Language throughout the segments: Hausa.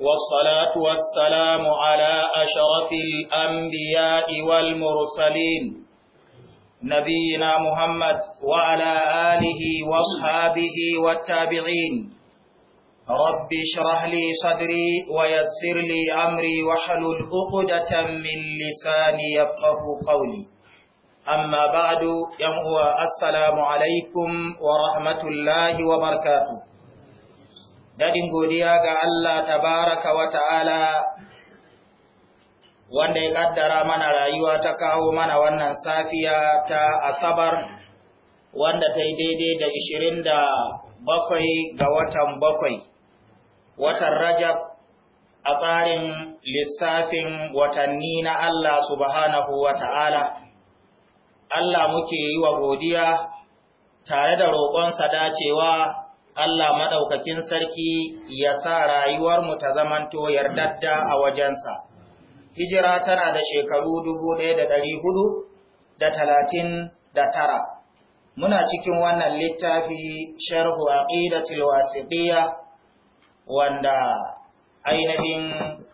والصلاة والسلام على أشرف الأنبياء والمرسلين نبينا محمد وعلى آله واصحابه والتابعين رب اشرح لي صدري ويسر لي أمري وحل الأقدة من لساني يفقه قولي أما بعد يمهو السلام عليكم ورحمة الله وبركاته Dadin godiya ga Allah tabaraka wa ta'ala wanda ya kaddara mana rayuwa ta kawo mana wannan safiya ta Asabar wanda ta yi daidai da 27 ga watan bakwai, watan Rajab a tsarin lissafin watanni na Allah subhanahu wa ta'ala. Allah muke yi wa godiya tare da roƙonsa dacewa Allah maɗaukakin sarki ya sa rayuwarmu ta zamanto yardadda a wajensa. Hijira tana da shekaru dubu ɗaya da ɗari hudu da talatin da tara. Muna cikin wannan littafi sharhu aqidatul wasiqiyya wanda ainihin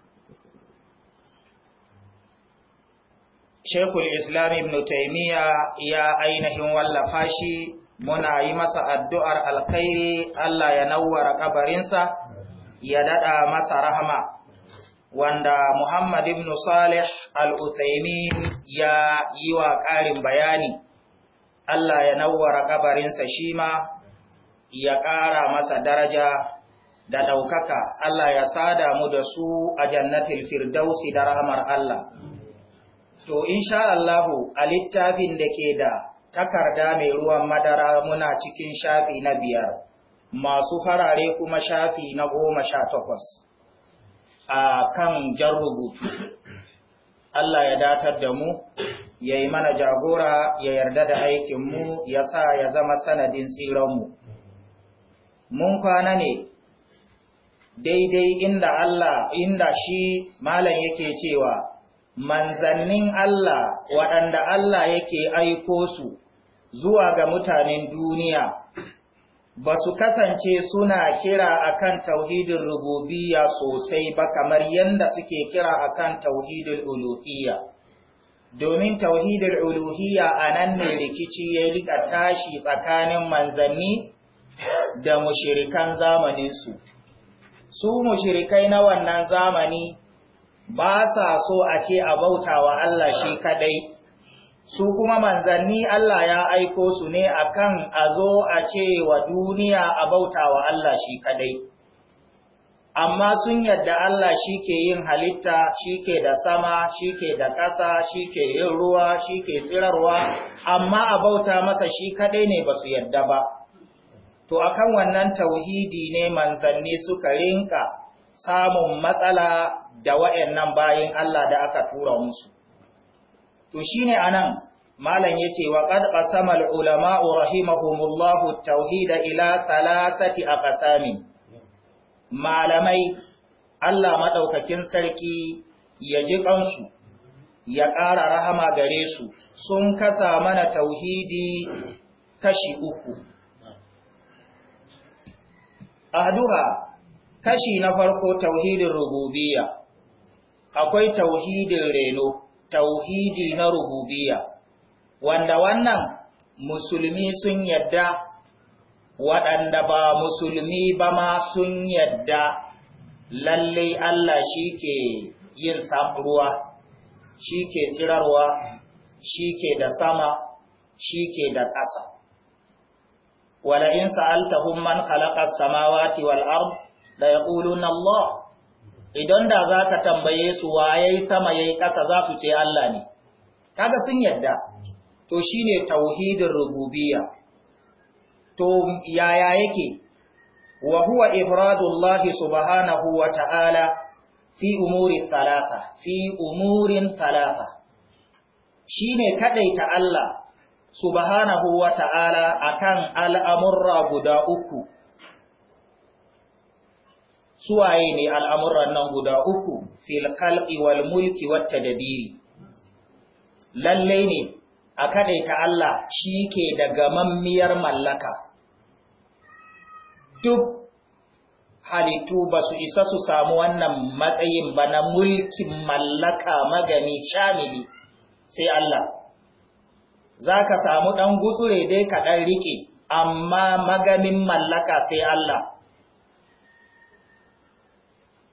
Sheikhul Islam Ibn Taymiyyah ya ainihin wallafa shi muna yi masa addu'ar alkhairi Allah ya nauwara ƙabarinsa ya daɗa masa rahama wanda Muhammad ibn Salih al ya yi wa ƙarin bayani Allah ya nauwara ƙabarinsa shi ma ya ƙara masa daraja da ɗaukaka Allah ya sada mu da su a jannatin firdausi da rahamar Allah. To, sha Allahu, a littafin da ke da takarda mai ruwan madara muna cikin shafi na biyar masu farare kuma shafi na goma sha takwas a kan jan rubutu Allah ya datar da mu ya yi mana jagora ya yarda da aikinmu ya sa ya zama sanadin tsiranmu mun kwana ne daidai inda Allah inda shi malam yake cewa manzannin Allah waɗanda Allah yake aiko su zuwa ga mutanen duniya ba su kasance suna kira akan tauhidin rububiyya sosai ba kamar yadda suke kira akan tauhidin uluhiyya domin tauhidin uluhiyya a nan ne rikici ya rika tashi tsakanin manzanni da mushirikan zamaninsu su mushirikai na wannan zamani ba sa so a ce a bauta wa Allah shi kadai su kuma manzanni Allah ya aiko su ne akan a zo a ce wa duniya a bauta wa Allah shi kadai amma sun yadda Allah shi ke yin halitta shi ke da sama shi ke da ƙasa shi ke yin ruwa shi ke tsirarwa amma a bauta masa shi kadai ne ba su yadda ba to akan wannan tauhidi ne manzanni suka rinka samun matsala da waƴannan bayan Allah da aka tura musu. To shi ne a nan, Malam ya ce, wa ƙad ƙasamar ulama'u rahimahumullahu tauhida ila salasati a ƙasami Malamai, Allah maɗaukakin sarki ya ji ƙansu, ya ƙara rahama gare su, sun kasa mana tauhidi kashi uku. Aduha, kashi na farko tauhidin rububiyya. akwai tauhidin reno tauhidi na rububiya wanda wannan musulmi sun yadda waɗanda ba musulmi ba ma sun yadda lalle Allah shi ke yin ruwa shi ke tsirarwa shi ke da sama shi ke da ƙasa wala in sa'altahum man khalaqa samawati wal ard la yaquluna Allah idan da za ka tambaye su waye sama yayi ƙasa za su ce Allah ne kaga sun yadda to shine tauhidin rububiyya to yaya yake wa huwa ifradullahi subhanahu wa ta'ala fi umuri thalatha fi umurin thalatha shine kadaita Allah subhanahu wa ta'ala akan al'amurra guda uku suwaye ne al'amuran nan guda uku fil khalqi wal mulki da biri? lalle ne a ta Allah shi ke da mammiyar mallaka duk halittu ba su isa su samu wannan matsayin ba na mulkin mallaka magani shamili sai Allah za ka samu ɗan gutsure dai kaɗan riƙe amma magamin mallaka sai Allah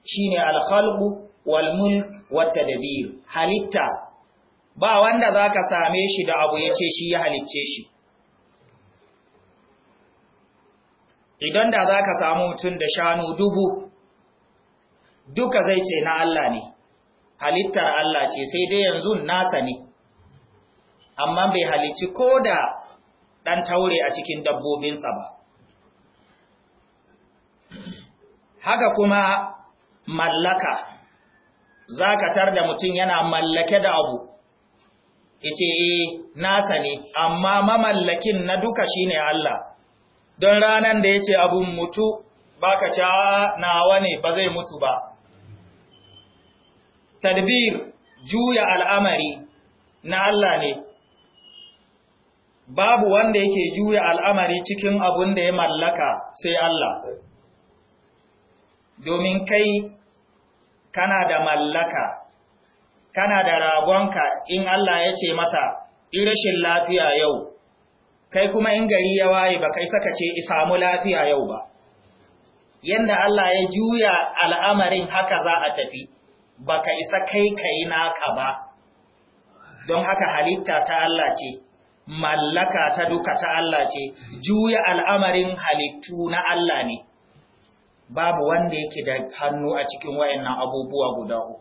shine al-khalqu wal mulk wat tadbir halitta ba wanda zaka same shi da abu yace shi ya halicce shi idan da zaka samu mutun da shanu dubu duka zai ce na Allah ne halittar Allah ce sai dai yanzu nasa ne amma bai halicci ko da ɗan taure a cikin dabbobinsa ba haka kuma mallaka za ka tar da mutum yana mallake da abu ice e eh, nasa ne amma mamallakin na duka shi ne Allah don ranar da ya ce abun mutu ba ka ca ah, nawa ne ba zai mutu ba tadbir juya al'amari na Allah ne babu wanda yake juya al'amari cikin abun da ya mallaka sai Allah domin kai kana da mallaka kana da ragonka in Allah ya ce masa irashin lafiya yau kai kuma in gari ya waye ba kai saka ce samu lafiya yau ba yanda Allah ya juya al'amarin haka za a tafi baka isa kai kai naka ba don haka halitta ta Allah ce mallaka ta duka ta Allah ce, juya al'amarin halittu na Allah ne, babu wanda yake da hannu a cikin wayannan abubuwa guda uku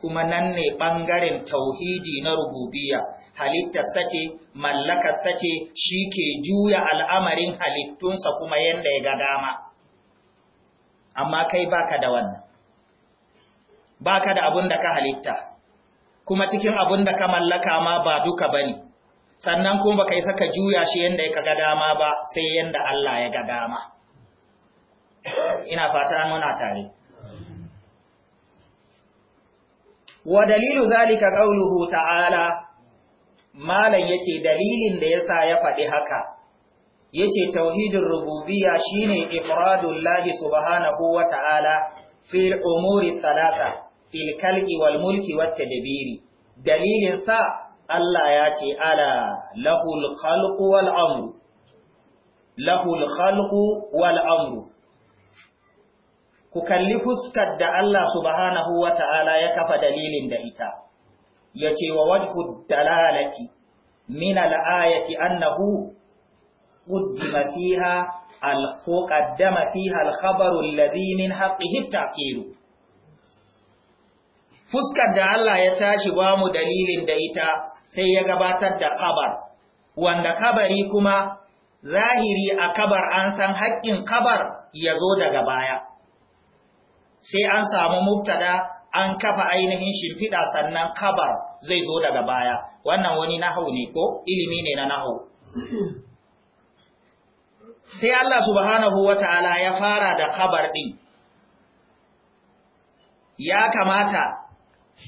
kuma nan ne ɓangaren tauhidi na rububiya halittar sace mallakar sace shi ke juya al'amarin halittunsa kuma yadda ya ga dama amma kai baka da wannan baka da abun da ka halitta kuma cikin abun da ka mallaka ma ba duka bane sannan kuma baka isa saka juya shi yadda ya ga dama ba sai yadda Allah ya ga dama ina fata muna tare wa dalilu zalika qauluhu ta'ala malan yace dalilin da yasa ya faɗi haka yace tauhidin rububiyya shine ifradullahi subhanahu wa ta'ala fil umuri thalatha fil khalqi wal mulki wat tadbiri dalilin sa Allah yace ce ala lahul khalqu wal amru lahul khalqu wal amru ku kalli fuskar da Allah subhanahu wa ta'ala ya kafa dalilin da ita, ya ce wa wajhud dalalati min al'ayati annahu قدم فيها قدم فيها الخبر الذي من hita? التعقيل fuskar da Allah ya tashi ba mu dalilin da ita sai ya gabatar da kabar wanda kabari kuma zahiri a kabar an san haƙƙin kabar ya zo daga baya sai an samu mubtada an kafa ainihin shimfiɗa sannan kabar zai zo daga baya wannan wani nahau ne ko ilimi ne na nahau sai Allah subhanahu wata'ala ya fara da kabar ɗin ya kamata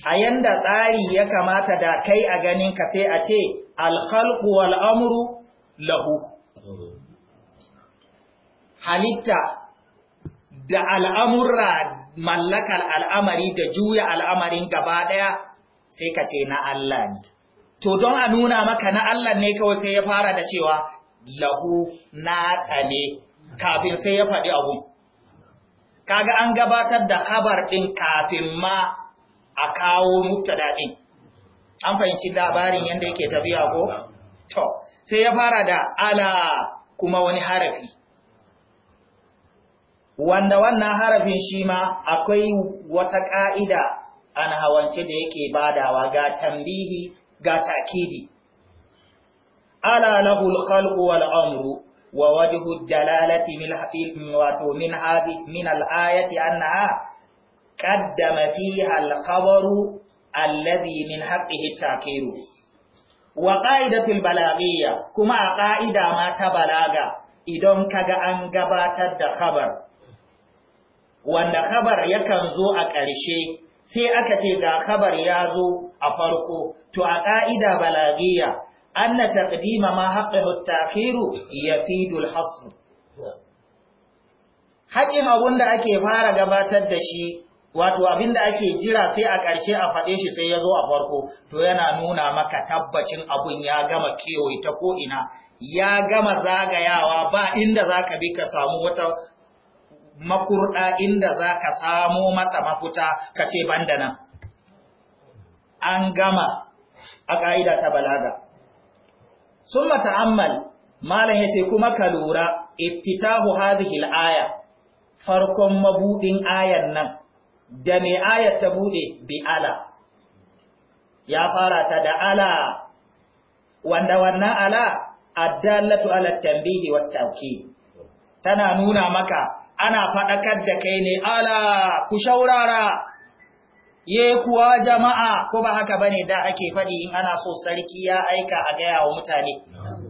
a yanda tsari ya kamata da kai a ganin ka sai a ce alkhalku wal'amuru lahu halitta da al'amurra mallakar al'amari da juya al'amarin gaba ɗaya sai ka ce na Allah ne. To don a nuna maka na Allah ne kawai sai ya fara da cewa lahu na tsale kafin sai ya faɗi abun. Kaga an gabatar da kabar ɗin kafin ma a kawo muktada daɗin, An fahimci labarin yadda yake tafiya ko? To, sai ya fara da ala kuma wani harafi. wanda wannan harafin shi ma akwai wata ƙa'ida an hawance da yake badawa ga tambihi ga takidi. Ala lahul khalqu wal amru wa wajhu dalalati min hafil wato min hadhi min al ayati annaha qaddama fiha al khabaru alladhi min haqqihi takiru wa qa'idatul balaghiyya kuma a qa'ida ma ta balaga idan kaga an gabatar da khabar wanda kabar yakan zo a ƙarshe sai aka ce ga kabar ya zo a farko to a ƙa'ida balagiya anna taqdima ma haqqihu at-ta'khiru yafidu al-hasr haƙin abun da ake fara gabatar da shi wato abin da ake jira sai a ƙarshe a faɗe shi sai ya zo a farko to yana nuna maka tabbacin abun ya gama kewaye ta ko'ina ya gama zagayawa ba inda za ka bi ka samu wata makurɗa inda za ka samo masa mafuta ka ce banda nan an gama a ƙa'ida ta balaga sun mata'ammal malam ya ce kuma ka lura iftitahu hazihil aya farkon mabuɗin ayan nan da mai ayar ta buɗe bi ala ya fara ta da ala wanda wannan ala addallatu ala tambihi wa tawkid tana nuna maka ana faɗakar da kai ne ala ku shaurara ye kuwa jama'a ko ba haka bane da ake faɗi in ana so sarki ya aika a gaya wa mutane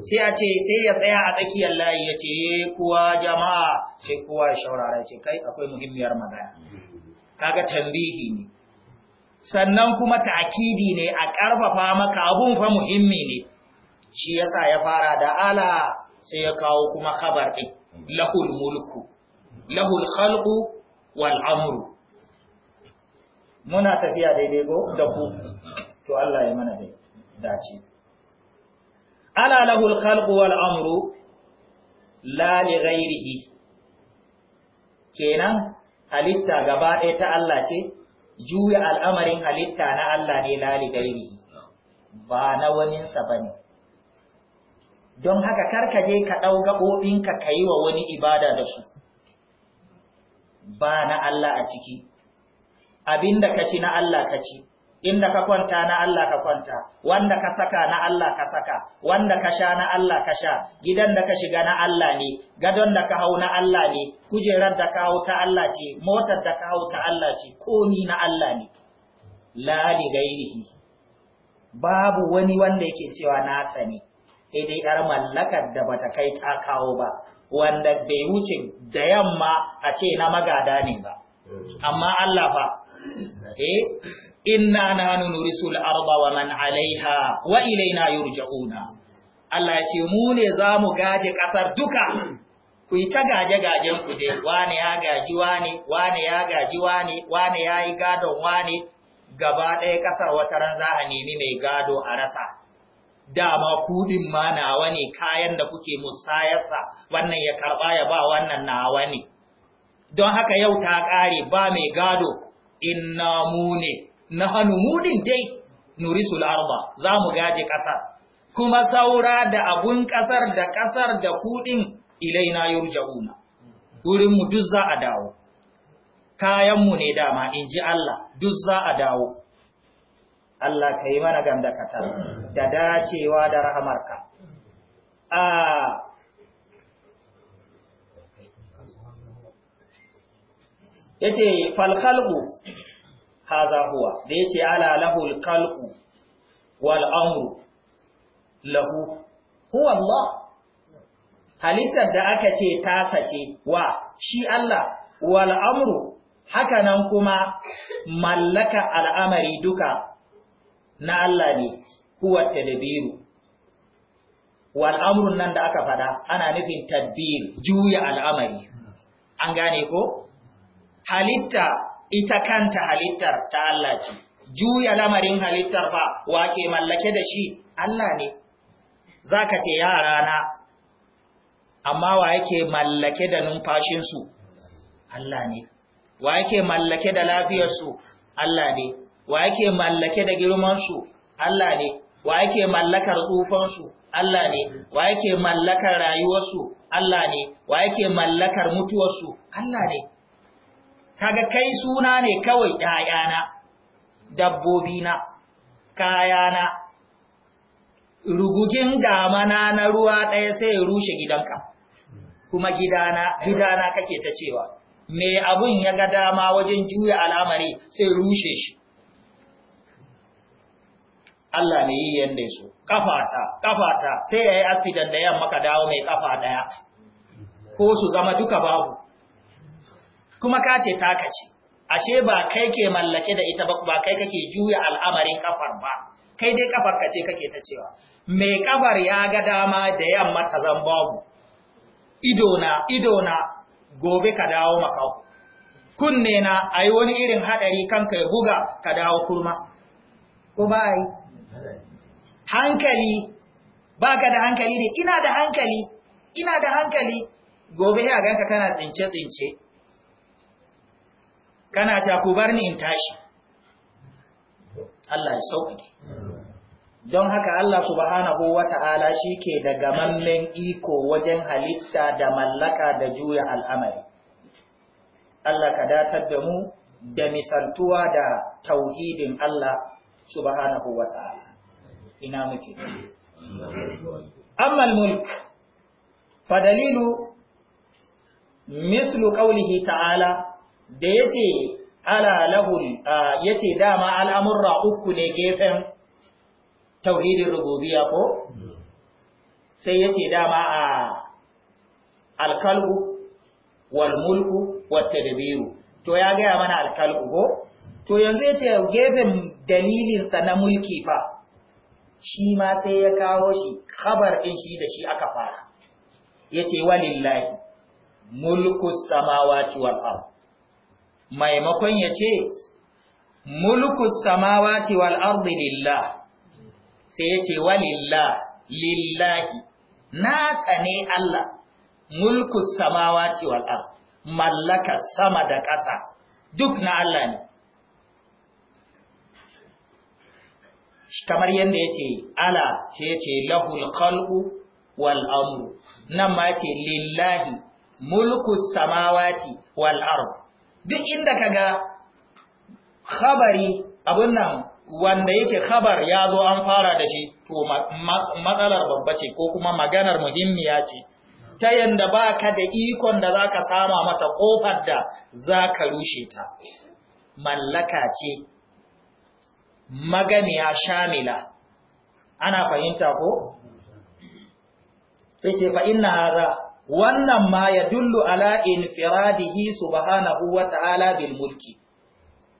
sai a ce sai ya tsaya a tsakiyar layi ya ce ye kuwa jama'a sai kuwa shaurara ce kai akwai muhimmiyar magana kaga tambihi ne sannan kuma ta'kidi ne a ƙarfafa maka abun fa muhimmi ne shi yasa ya fara da ala sai ya kawo kuma khabar din lahul mulku lahul khalqu wal amru muna tafiya daidai go, da ku to Allah ya mana dai dace ala lahul khalqu wal amru la li ghairihi kenan halitta gaba ɗaya ta Allah ce juya al'amarin halitta na Allah ne la li ghairihi ba na waninsa bane don haka kar ka ɗau gaɓoɓinka ka yi wa wani ibada da su ba na Allah a ciki abinda ka ci na Allah ka ci inda ka kwanta na Allah ka kwanta wanda ka saka na Allah ka saka wanda ka sha na Allah ka sha gidan da ka shiga na Allah ne gadon da ka hau na Allah ne kujerar da ka hau ta Allah ce motar da ka hau ta Allah ce komi na Allah ne la li gairihi babu wani wanda yake cewa na sani sai dai yar mallakar da bata kai ta kawo ba wanda bai wuce da yamma a ce na magada ne ba amma Allah fa eh inna nahnu nurisul arda wa man alaiha wa ilaina yurja'una Allah ya ce mu ne zamu gaje kasar duka ku yi ta gaje-gajen ku dai wane ya gaji wane wane ya gaji wane wane ya yi gadon wane gaba ɗaya ƙasar wata ran za a nemi mai gado a rasa dama kuɗin ma nawa ne kayan da kuke musayarsa wannan ya karɓa ya ba wannan nawa ne don haka yau ta ƙare ba mai gado inna mu ne na hannu mudin dai nurisul arba za mu gaje ƙasar kuma saura da abun ƙasar da ƙasar da kuɗin ilaina yurja'una wurinmu duk za a dawo kayanmu ne dama in ji Allah duk za a dawo Allah ka yi mana gamdakatar da dacewa da rahamarka. A yake falkalku haza huwa da yake ala lahul kalku wal amru lahu huwa Allah halittar da aka ce ta sace wa shi Allah wal amru nan kuma mallaka al'amari duka na Allah ne huwa tadbiru wal amrun nan da aka fada ana nufin tadbir juya al'amari an gane ko halitta ita kanta halittar ta Allah ce juya lamarin halittar fa wake mallake da shi Allah ne zaka ce yara na amma wa yake mallake da numfashinsu Allah ne wa yake mallake da lafiyarsu Allah ne wa yake mallake da girmansu Allah ne wa yake mallakar tsufansu Allah ne wa yake mallakar rayuwarsu Allah ne wa yake mallakar mutuwarsu Allah ne kaga kai suna ne kawai ƴaƴana dabbobina kayana rugugin damana na ruwa ɗaya sai ya rushe gidanka kuma gidana gidana kake ta cewa me abun ya ga dama wajen juya al'amari sai rushe shi Allah ne yi yanda so kafata kafata sai yi asidan da yamma ka dawo mai kafa daya ko su zama duka babu kuma ka ce takaci, ashe ba kai ke mallake da ita ba ba kai kake juya al'amarin kafar ba kai dai kafar ka ce kake ta cewa mai kafar ya ga dama da yamma ta zan babu idona idona gobe ka dawo makau kunne na yi wani irin haɗari kanka ya buga ka dawo kurma ko ba hankali ba ka da hankali ne ina da hankali ina da hankali gobe ya ganka kana tsince tsince kana ta ku ni in tashi Allah ya sauke don haka Allah subhanahu wata'ala ke da gamammen iko wajen halitta da mallaka da juya al'amari Allah ka datar da mu da misaltuwa da tauhidin Allah subhanahu wata'ala ina muke amma mulk fa dalilu mislu qawlihi ta'ala da yace ala lahu yace dama al'amurra uku ne gefen tauhidin rububiyya ko sai yace dama a alkalbu wal mulku wat tadbiru to ya ga mana alkalbu ko to yanzu yace gefen dalilin sa na mulki fa shi ma sai ya kawo shi khabar ɗin shi da shi aka fara ya ce walillahi mulkus samawati wal ard maimakon ya ce mulkus samawati wal ard lillah sai ya ce walillah lillahi na tsane Allah mulkus samawati wal ard mallaka sama da ƙasa duk na Allah ne kamar yadda ya ce ala sai ya ce lahul kalu walamru nan ma ce lillahi mulku samawati wal duk inda ka ga khabari abin nan wanda yake khabar ya zo an fara da shi to matsalar babba ce ko kuma maganar muhimmiya ce ta yadda ba ka da ikon da za ka sama mata ƙofar da za ka rushe ta mallaka ce maganiya shamila ana fahimta ko yace fa inna wannan ma ya dullu ala infiradihi subhanahu wata'ala bil mulki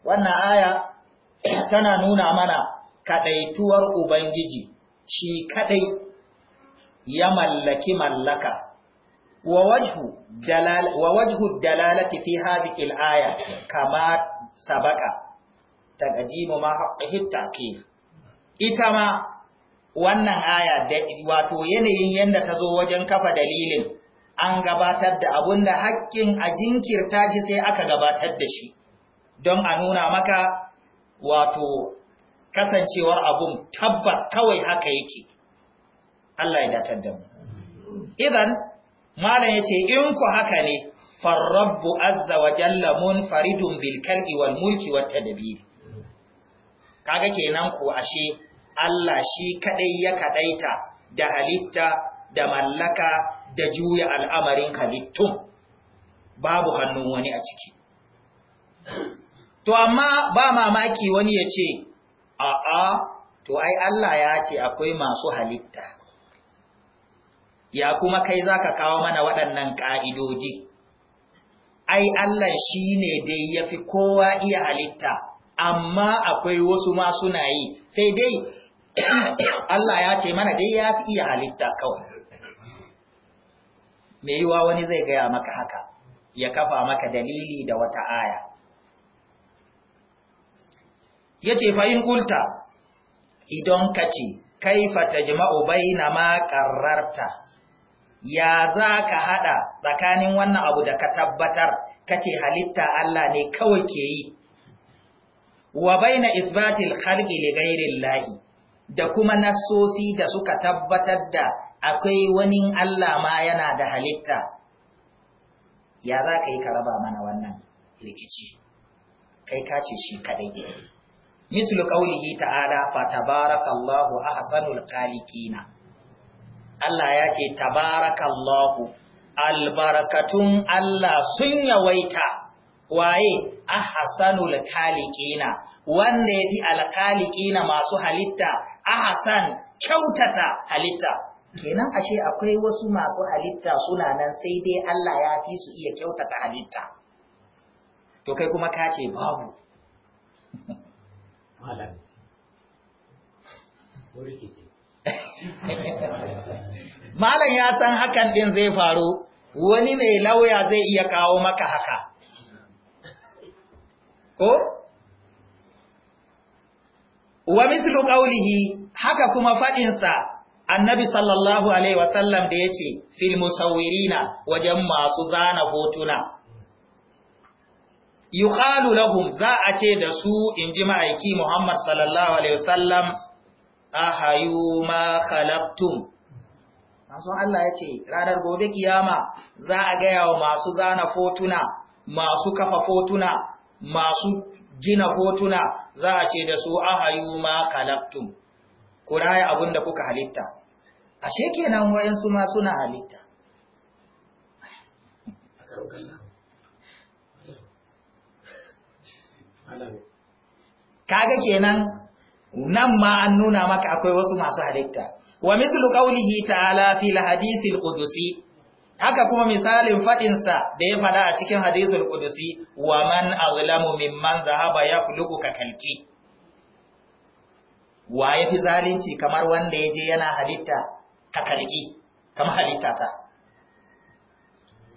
wannan aya tana nuna mana kaɗaituwar ubangiji shi kaɗai ya mallaki mallaka wa wajhu dalalati fi hadhihi il'aya kama sabaka taqdimu ma haqqihi ta'khir ita ma wannan aya da wato yanayin yadda ta zo wajen kafa dalilin an gabatar da abunda haƙƙin a jinkirta shi sai aka gabatar da shi don a nuna maka wato kasancewar abun tabbas kawai haka yake Allah ya datar da mu idan malam yace in ku haka ne farrabbu azza wa jalla Faridun bil kalbi wal mulki wat tadbir kaga kenan ko ashe Allah shi kadai ya kadaita da halitta da mallaka da juya al'amarin halittun babu hannun wani a ciki to amma ba mamaki wani ya ce a'a to ai Allah ya ce akwai masu halitta ya kuma kai zaka kawo mana waɗannan ƙa'idoji ai Allah shi ne dai ya fi kowa iya halitta amma akwai wasu ma suna yi sai dai Allah ya ce mana dai ya fi iya halitta kawai mai yiwa wani zai gaya maka haka ya kafa maka dalili da wata aya ya ce fa'in kulta idan ka ce kaifa ta jima'u bai na makararta ya za ka haɗa tsakanin wannan abu da ka tabbatar ka ce halitta Allah ne kawai ke yi wa baina isbatil khalqi li ghairillahi da kuma nasosi da suka tabbatar da akwai wani Allah ma yana da halitta ya za ka yi ka raba mana wannan rikici kai ka ce shi kadai mislu qaulihi ta'ala fa tabarakallahu ahsanul khaliqina Allah ya ce tabarakallahu albarakatun Allah sun yawaita waye ahsanul khaliqina wanda yafi alkhaliqina masu halitta ahsan kyautata halitta kenan ashe akwai wasu masu halitta suna nan sai dai Allah ya fi su iya kyautata halitta to kai kuma ka ce babu malam ya san hakan din zai faru wani mai lauya zai iya kawo maka haka ko wa mislu qawlihi haka kuma fadin sa annabi sallallahu alaihi wasallam da yace fil musawwirina wajen masu zana hotuna yuqalu lahum za a ce da su inji ma'aiki Muhammad sallallahu alaihi wasallam ahayu ma khalaqtum Amson Allah yace ranar gobe kiyama za a gaya wa masu zana hotuna masu kafa hotuna. masu gina hotuna za a ce da su ahayu ma kalaktum ku raya abin da kuka halitta ashe wayan su ma suna halitta kaga kenan nan ma an nuna maka akwai wasu masu halitta wa mithlu qawlihi ta'ala fil hadithil qudusi haka kuma misalin faɗinsa da ya faɗa a cikin hadisul qudusi wa man azlamu mimman zahaba yaqluqu ka kalki wa ya fi zalunci kamar wanda yaje yana halitta ka kalki kamar halitta ta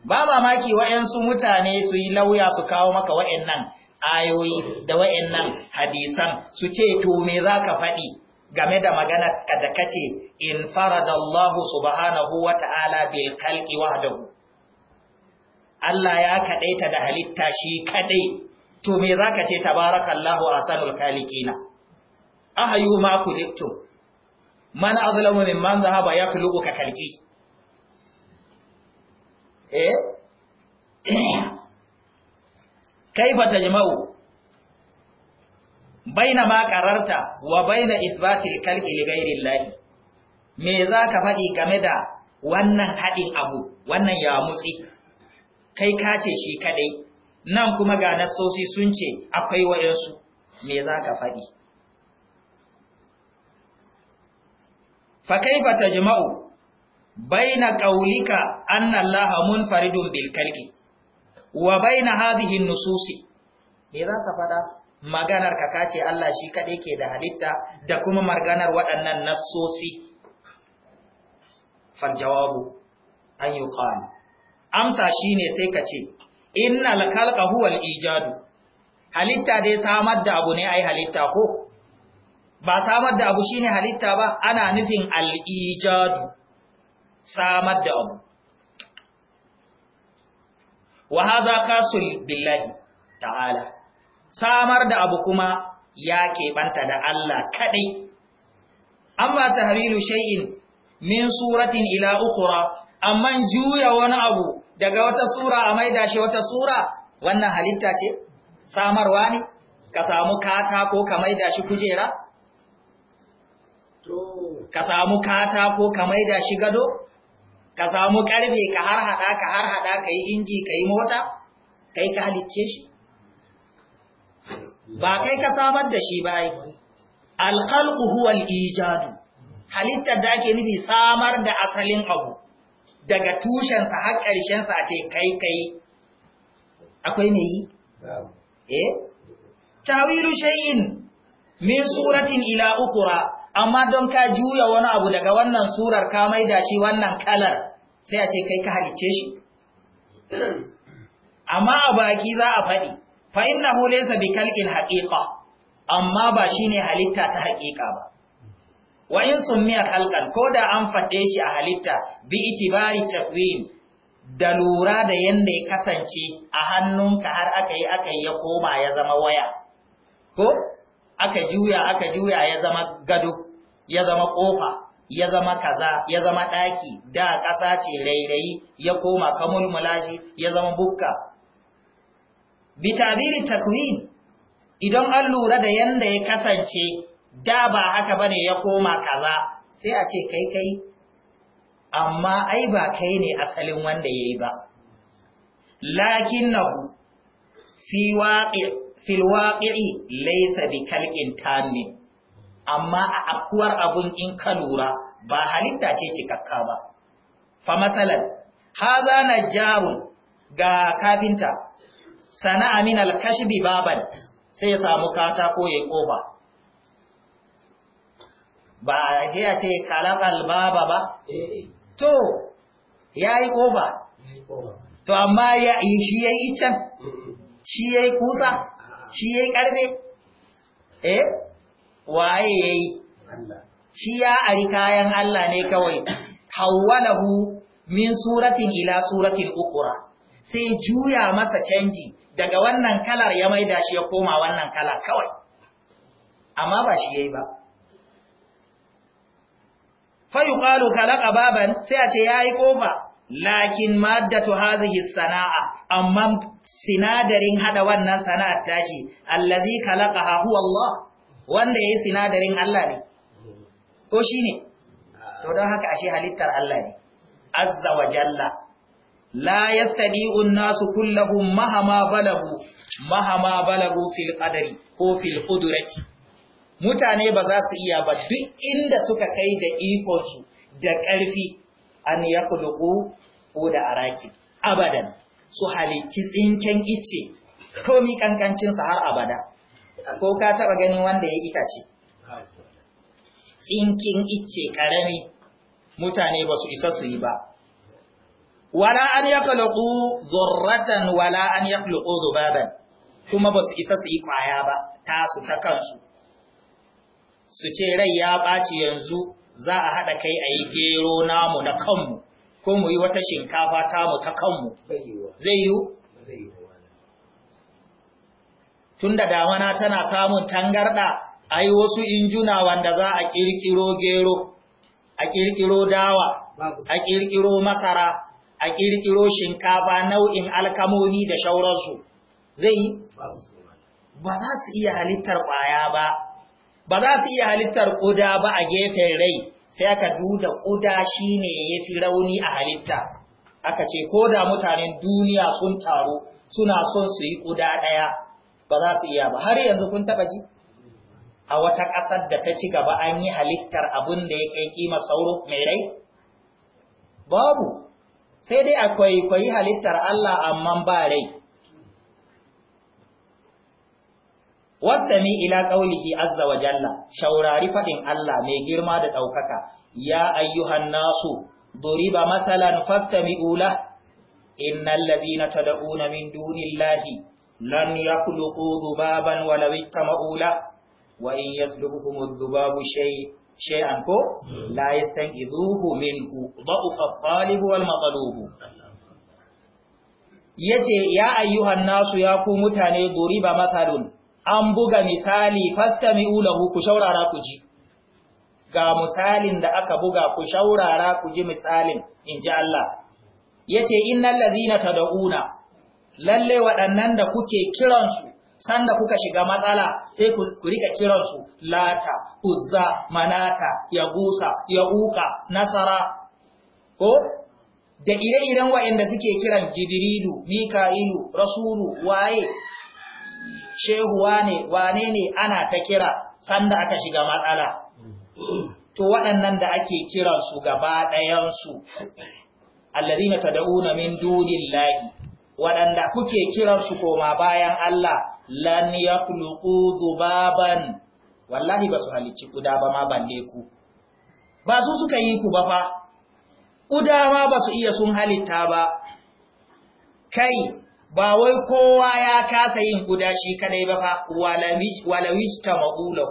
ba mamaki wa'yansu mutane su yi lauya su kawo maka wa'yannan ayoyi da nan hadisan su ce to me za ka faɗi game da magana da kace in faradallahu subhanahu wa ta'ala bil khalqi wahdahu Allah ya kadaita da halitta shi kadai to me zaka ce tabarakallahu ahsanul khaliqina ahayu ma kuliktum man azlamu mimman dhahaba yakhluqu ka khalqi eh kaifa tajma'u baina ma qararta wa baina isbatil khalqi li ghairi me zaka faɗi game da wannan haɗin abu wannan ya mutsi kai ka ce shi kadai nan kuma ga nasosi sun ce akwai wayansu me zaka faɗi fa kaifa tajma'u baina qaulika anna allaha munfaridun bil khalqi wa baina hadhihi nususi me zaka faɗa maganar ka kace Allah shi kaɗai ke da halitta da kuma maganar waɗannan nassosi jawabu, an yi ƙwani amsa shi sai ka ce inna alkalka huwal ijadu halitta dai samar da abu ne ai halitta ko ba samar da abu shine halitta ba ana nufin al'ijadu. samar da abu wa hadha qasul billahi ta'ala samar da abu kuma ya ke keɓanta da Allah kaɗai. An ba ta habilu shai'in min suratin ila ukura, amma juya wani abu daga wata sura a maida shi wata sura wannan halitta ce, samarwa ne, ka samu katako ka maida shi kujera? Ka samu katako ka maida shi gado? Ka samu ƙarfe ka harhaɗa ka harhaɗa ka yi inji ka yi mota? Kai ka halicce shi? ba kai ka samar da shi ba ai alkhalqu huwa al-ijadu halittar da ake nufi samar da asalin abu daga tushensa har ƙarshensa a ce kai kai akwai mai yi? eh tawiru shay'in min suratin ila ukura amma don ka juya wani abu daga wannan surar ka da shi wannan kalar sai a ce kai ka halice shi amma a baki za a faɗi fa innahu laysa bi kalqil haqiqa amma ba shine halitta ta haqiqa ba wa in summiya kalqan koda an fade shi a halitta bi itibari taqwin da lura da yanda ya kasance a hannunka har aka yi aka ya koma ya zama waya ko aka juya aka juya ya zama gado ya zama kofa ya zama kaza ya zama daki da ƙasa ce rairayi ya koma kamulmula shi ya zama bukka bi ta'biri takwin idan an lura da yanda ya kasance da ba haka bane ya koma kaza sai a ce kai kai amma ai ba kai ne asalin wanda yayi ba lakinnahu fi waqi' fil waqi'i laysa bi kalqin tanni amma a afkuwar abun in ka lura ba halitta ce cikakka ba fa masalan haza najjarun ga kafinta Sana amin al-kashbi baban sai ya samu katako ya kofa ba sai ya ce kalaqal baba ba to ya yi kofa to amma ya shi yayi iccen shi yi kusa shi ya yi karfe eh waye yi shi ya ari kayan Allah ne kawai hawwalahu min suratin ila suratin ukura sai juya masa canji daga wannan kalar ya maida shi ya koma wannan kala kawai amma ba shi yayi ba fa yuqalu khalaqa baban sai a ce yayi kofa lakin maddatu hadhihi sanaa amma sinadarin hada wannan sana'ar tashi allazi khalaqaha huwa Allah wanda yayi sinadarin Allah ne ko shine ah. to don haka ashe halittar Allah ne azza wa jalla la yastadi'un nasu kullahum mahama balagu mahama balagu fil qadari ko fil qudrati mutane ba za su iya ba duk inda suka kai da ikon su da ƙarfi an yakhluqu ko da araki abadan su halicci tsinken ice komi kankancin sa har abada ko ka taba ganin wanda ya itace tsinkin ice karami mutane ba su isa su yi ba wala an yakhluqu dhurratan wala an yakhluqu dhubaban kuma ba su isa su yi kwaya ba su ta kansu su ce rai ya ɓaci yanzu za a haɗa kai a yi gero namu na kanmu ko mu yi wata shinkafa tamu ta kanmu zai yiwu tun da damana tana samun tangarɗa a yi wasu injuna wanda za a ƙirƙiro gero a ƙirƙiro dawa a ƙirƙiro masara a ƙirƙiro shinkafa nau'in alkamomi da shauransu zai yi ba za su iya halittar ƙwaya ba ba za su iya halittar ƙuda ba a gefen rai sai aka duda ƙuda shi ne ya fi rauni a halitta aka ce ko da mutanen duniya sun taru suna son su yi ƙuda ɗaya ba za su iya ba har yanzu kun taɓa ji a wata ƙasar da ta ci gaba an yi halittar abin da ya kai ƙima sauro mai rai babu sai dai akwai kwayi halittar Allah amma ba rai. Wattami ila ƙaunihi azza wa jalla, shaurari faɗin Allah mai girma da ɗaukaka, ya ayyuhan nasu, duriba matsalan fatta mi'ula, innan lazina ta da'una min dunin lahi, lan ya kuluku zubaban walawitta ma'ula, wa in yaslubuhumu zubabu shai shay'an ko la yastanqidhuhu minhu dha'fa at-talib wal matlub yace ya ayyuhan nasu ya ku mutane duriba masalun an buga misali fastami'u lahu ku shaurara ku ji ga misalin da aka buga ku shaurara ku ji misalin inji Allah yace innal ladina tad'una lalle waɗannan da kuke kiransu sanda kuka shiga matsala sai ku rika kiransu lata uzza manata yagusa yauka nasara ko da ire-iren waɗanda suke kiran jibrilu mika'ilu rasulu waye shehu wane wane ne ana ta kira sanda aka shiga matsala to waɗannan da ake kiransu gaba ɗayansu alladhina tad'una min dunillahi waɗanda kuke kiransu koma bayan Allah lan yakhluqu Zubaban. wallahi ba su halicci kuda ba ma balle ku ba su suka yi ku ba fa kuda ma ba su iya sun halitta ba kai ba wai kowa ya kasa yin guda shi kadai ba fa walawij ta ma'ulo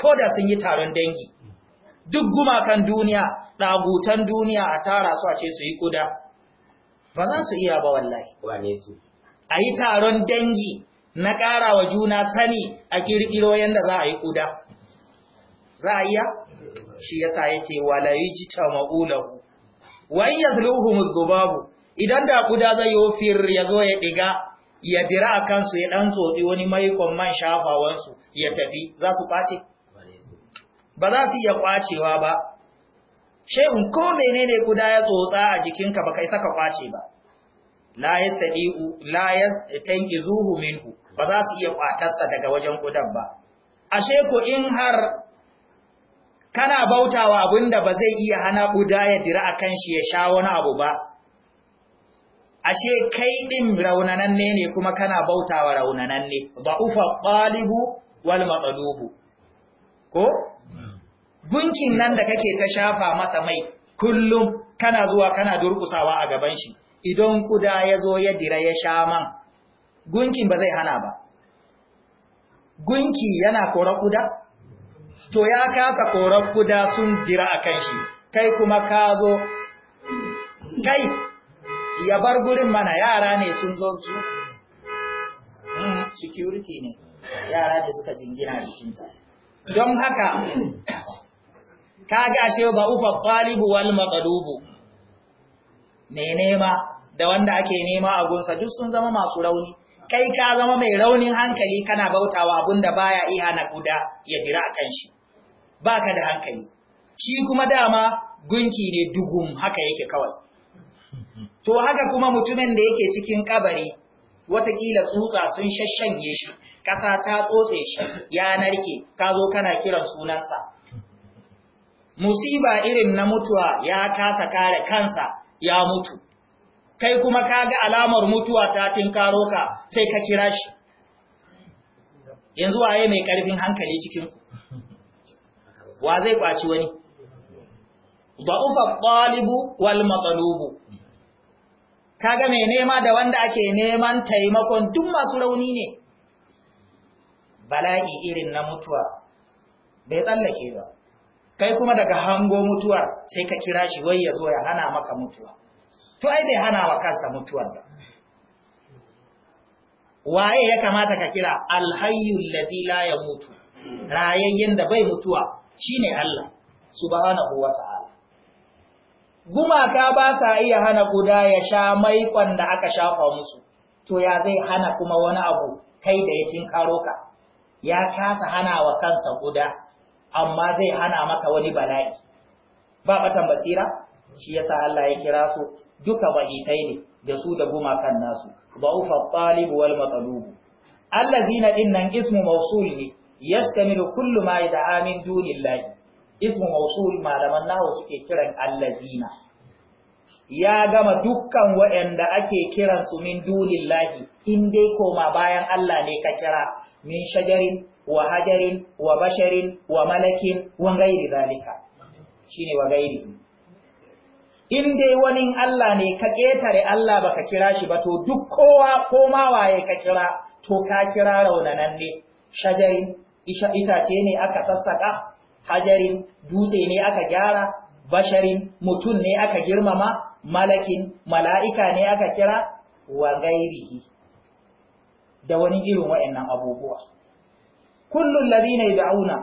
ko da sun yi taron dangi duk gumakan duniya ɗagutan duniya a tara su a ce su yi kuda. ba za su iya ba wallahi a yi taron dangi na ƙara wa juna sani a ƙirƙiro yadda za a yi ƙuda za a iya shi ya ce walayi ji ta ma'ulahu wai ya zubabu idan da ƙuda zai yi ofir ya zo ya ɗiga ya dira a kansu ya ɗan tsotsi wani maikon man shafawansu ya tafi za su ƙwace ba za su iya ƙwacewa ba in ko menene ƙuda ya tsotsa a jikinka ba kai saka ƙwace ba la yastadi'u la zuhu minhu ba za su iya kwatarsa daga wajen kudan ba ashe ku in har kana bautawa da ba zai iya hana kuda ya dira kan shi ya sha wani abu ba ashe kai ɗin raunananne ne kuma kana bautawa raunananne ufa ɓalibu wal maqlubu ko gunkin nan da kake ta shafa masa mai kullum kana zuwa kana durƙusawa a gaban shi idan ƙuda ya zo ya dira ya sha man gunki ba zai hana ba gunki yana korar kuda to ya kasa korar kuda sun jira a kan shi kai kuma ka zo kai ya bar gurin mana yara ne sun zo su hmm, security ne yara da suka jingina jikinta don haka ka gashe ba ufa ƙalibu wal maƙalubu ne nema da wanda ake nema a gunsa duk sun zama masu rauni kai ka zama mai raunin hankali kana bautawa abinda baya iya na guda ya a akan shi ka da hankali shi kuma dama gunki ne dugun haka yake kawai to haka kuma mutumin da yake cikin kabari watakila tsutsa sun shashanye shi ƙasa ta tsotse shi ya narke ka zo kana kiran sunansa musiba irin na mutuwa ya kasa kare kansa ya mutu kai kuma ka ga alamar mutuwa ta tinkaro ka sai ka kira shi yanzu waye mai ƙarfin hankali cikin wa zai kwaci wani da'ufa ɗalibu wal matsalubu kaga mai nema da wanda ake neman taimakon duk masu rauni ne bala'i irin na mutuwa bai tsallake ba kai kuma daga hango mutuwar sai ka kira shi wai ya zo ya hana maka mutuwa to ai bai hana wa kansa mutuwar ba waye ya kamata ka kira alhayyul ladhi la yamutu rayayyen da bai mutuwa shine Allah subhanahu wa ta'ala ka ba sa iya hana guda ya sha maikon da aka shafa musu to ya zai hana kuma wani abu kai da ya tinkaro ka ya kasa hana wa kansa guda amma zai hana maka wani bala'i ba batan basira shi yasa Allah ya kira su duka bahitai ne da su da gumakan nasu ba'ufa talibu wal matsalubu allazina dinnan ismu mausul ne yastamilu kullu ma yad'a min dunillahi ismu mausul malaman nahu suke kiran allazina ya gama dukkan waɗanda ake kiran su min dunillahi in dai koma bayan Allah ne ka kira min shajarin wa hajarin wa basharin wa malakin wa zalika shine wa in dai wani Allah ne ka ƙetare Allah ba ka kira shi ba to duk kowa koma waye ka kira to ka kira raunanan ne shajarin itace ne aka sassaƙa? hajarin dutse ne aka gyara basharin mutum ne aka girmama malakin mala'ika ne aka kira wa gairihi da wani irin waɗannan abubuwa kullun ladina auna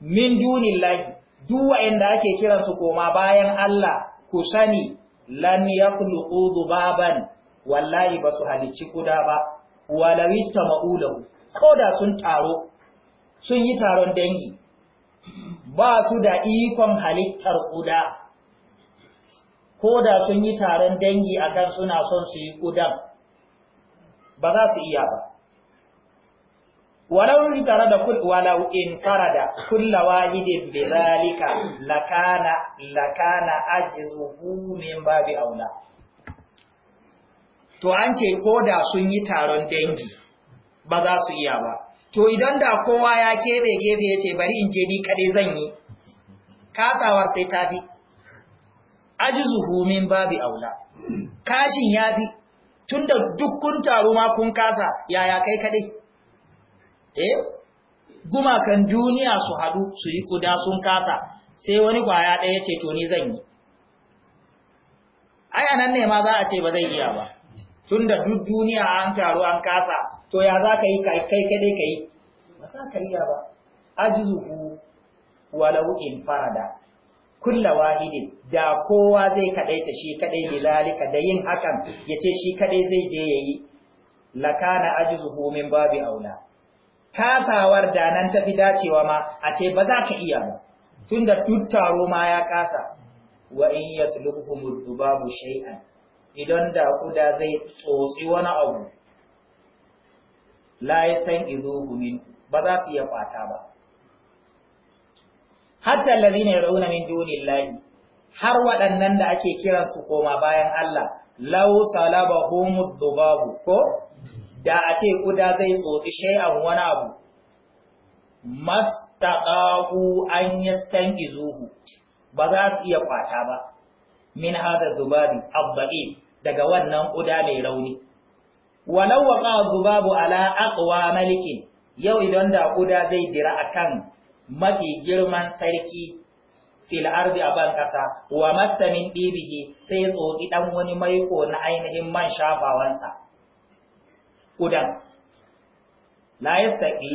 min dunillahi duk da ake kiransu koma bayan Allah ku sani lan dhubaban wallahi ba su halicci kuda ba walawi tama'ulahu koda sun taro sun yi taron dangi ba su da ikon halittar kuda koda sun yi taron dangi akan suna son su yi kudan ba za su iya ba walau in farada kull walau farada kullu wahidin bi lakana lakana ajruhu to an ce koda sun yi taron dangi ba za su iya ba to idan da kowa ya keɓe gefe ya ce bari in je ni kaɗai zan yi kasawar sai tafi ajizuhu min babi aula kashin ya fi. tunda duk kun taru ma kun kasa yaya kai kaɗai? eh gumakan duniya su haɗu su yi kuda sun kasa sai wani kwaya ɗaya ce to ni zan yi ai anan ne ma za a ce ba zai iya ba tunda duk duniya an taru an kasa to ya za ka yi kai kaɗai ka yi ba za ka iya ba ajizuhu walau in farada kulla wahidin da kowa zai ta shi kadai lilalika da yin hakan yace shi kadai zai je yayi lakana ajzuhu min babi aula kasawar da nan ta fi dacewa ma a ce ba za ka iya ba tunda duk taro ma ya kasa wa in yasluhumud dubabu shay'an idan da kuda zai tsotsi wani abu la san izuhu gumin ba za su iya kwata ba hatta allazina yarawna min dunillahi har waɗannan da ake kiransu koma bayan Allah law salabahumud dubabu ko da a ce ƙuda zai shai shai'an wani abu mastaqa'u an zuhu, ba za su iya kwata ba min hadha zubabi Abba'in, daga wannan ƙuda mai rauni walau waqa zubabu ala aqwa malikin yau idan da ƙuda zai dira kan mafi girman sarki fil arzi a ban ƙasa wa masamin ɗibihi sai tsoki ɗan wani maiko na ainihin man shafawansa kudan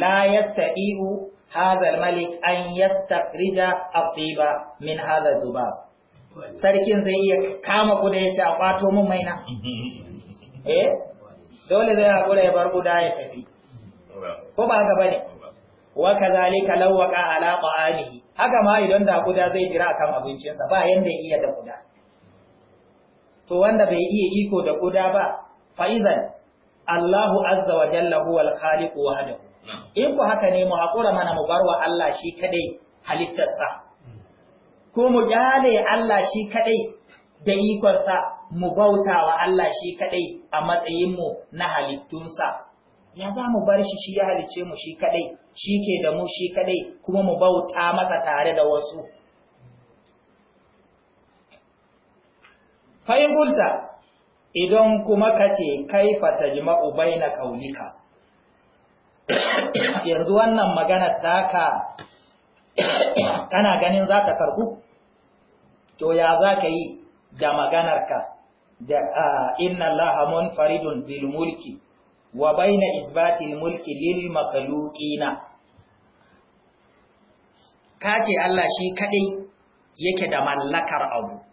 la ihu, hazal malik an yastakrija aqiba min hazal dubab sarkin zai iya kama kuda ya ce a kwato mun maina eh dole zai haƙura ya bar kuda ya tafi ko ba haka bane wa kazalika lawqa ala ta'amihi haka ma idan da kuda zai jira kan abincinsa ba yanda iya da kuda. to wanda bai iya iko da kuda ba fa idan Allahu azza wa jalla huwal khaliqu wahdahu in ku haka ne mu hakura mana mu barwa Allah shi kadai halittarsa ko mu jale Allah shi kadai da ikon sa mu bauta wa Allah shi kadai a matsayin mu na halittunsa ya za mu bar shi shi ya halice mu shi kadai shi ke da mu shi kadai kuma mu bauta masa tare da wasu yin gulta idan kuma ka ce kaifa ta jima'u baina kaunika yanzu wannan magana ka kana ganin za ka karbu to ya za ka yi da maganarka da inna allaha munfaridun bil mulki wa baina isbatil mulki lil makhluqina kace Allah shi kadai yake da mallakar abu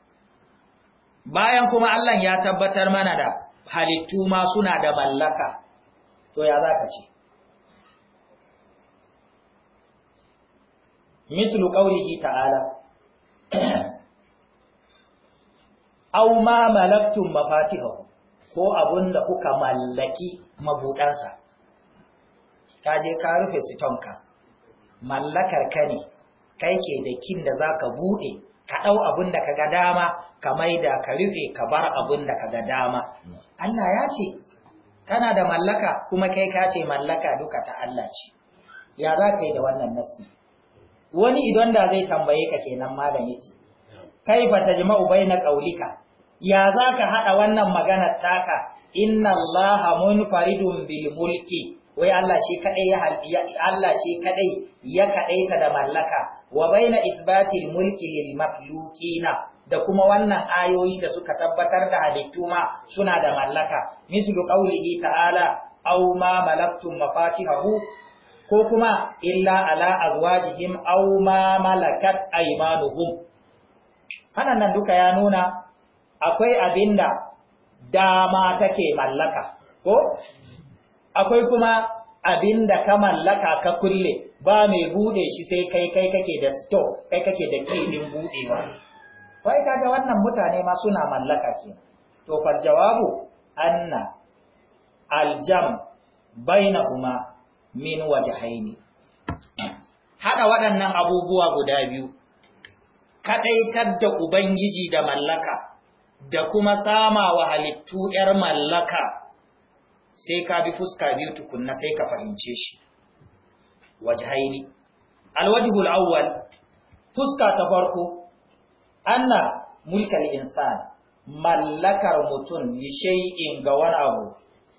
bayan kuma Allah ya tabbatar mana da halittu ma suna da mallaka to ya zaka ce mislu qawlihi ta'ala aw ma malaktum ko abunda kuka mallaki mabuɗansa? ka je ka rufe tonka, mallakar ka ne kai ke da kin da zaka buɗe? ka ɗau abin da ka ga dama ka maida ka rufe ka bar abin da ka ga dama Allah ya ce kana da mallaka kuma kai ka ce mallaka duka ta Allah ce ya za ka yi da wannan nasi wani idan da zai tambaye ka kenan malami ce kai fa tajma'u na qaulika ya za ka haɗa wannan maganar taka inna laha munfaridun bil mulki wai Allah shi kadai ya Allah shi kadai ya kadaita da mallaka wa baina isbatil mulki lil makhluqina da kuma wannan ayoyi da suka tabbatar da halittu suna da mallaka mislu qawlihi ta'ala aw ma malaktum mafatihahu ko kuma illa ala azwajihim aw ma malakat aymanuhum hanan nan duka ya nuna akwai abinda dama take mallaka ko akwai kuma abin da ka mallaka ka kulle ba mai bude shi sai kai kai kake da store kai kake da kidin budewa wai kaga wannan mutane ma suna mallaka ke to fa jawabu anna aljam bainahuma min wajhaini hada waɗannan abubuwa guda biyu kadaitar da ubangiji da mallaka da kuma sama wa halittu 'yar mallaka sai ka bi fuska biyu tukunna sai ka fahimce shi wajhaini alwajhu awwal fuska ta farko anna mulkal insan mallakar mutum li shay'in ga wani abu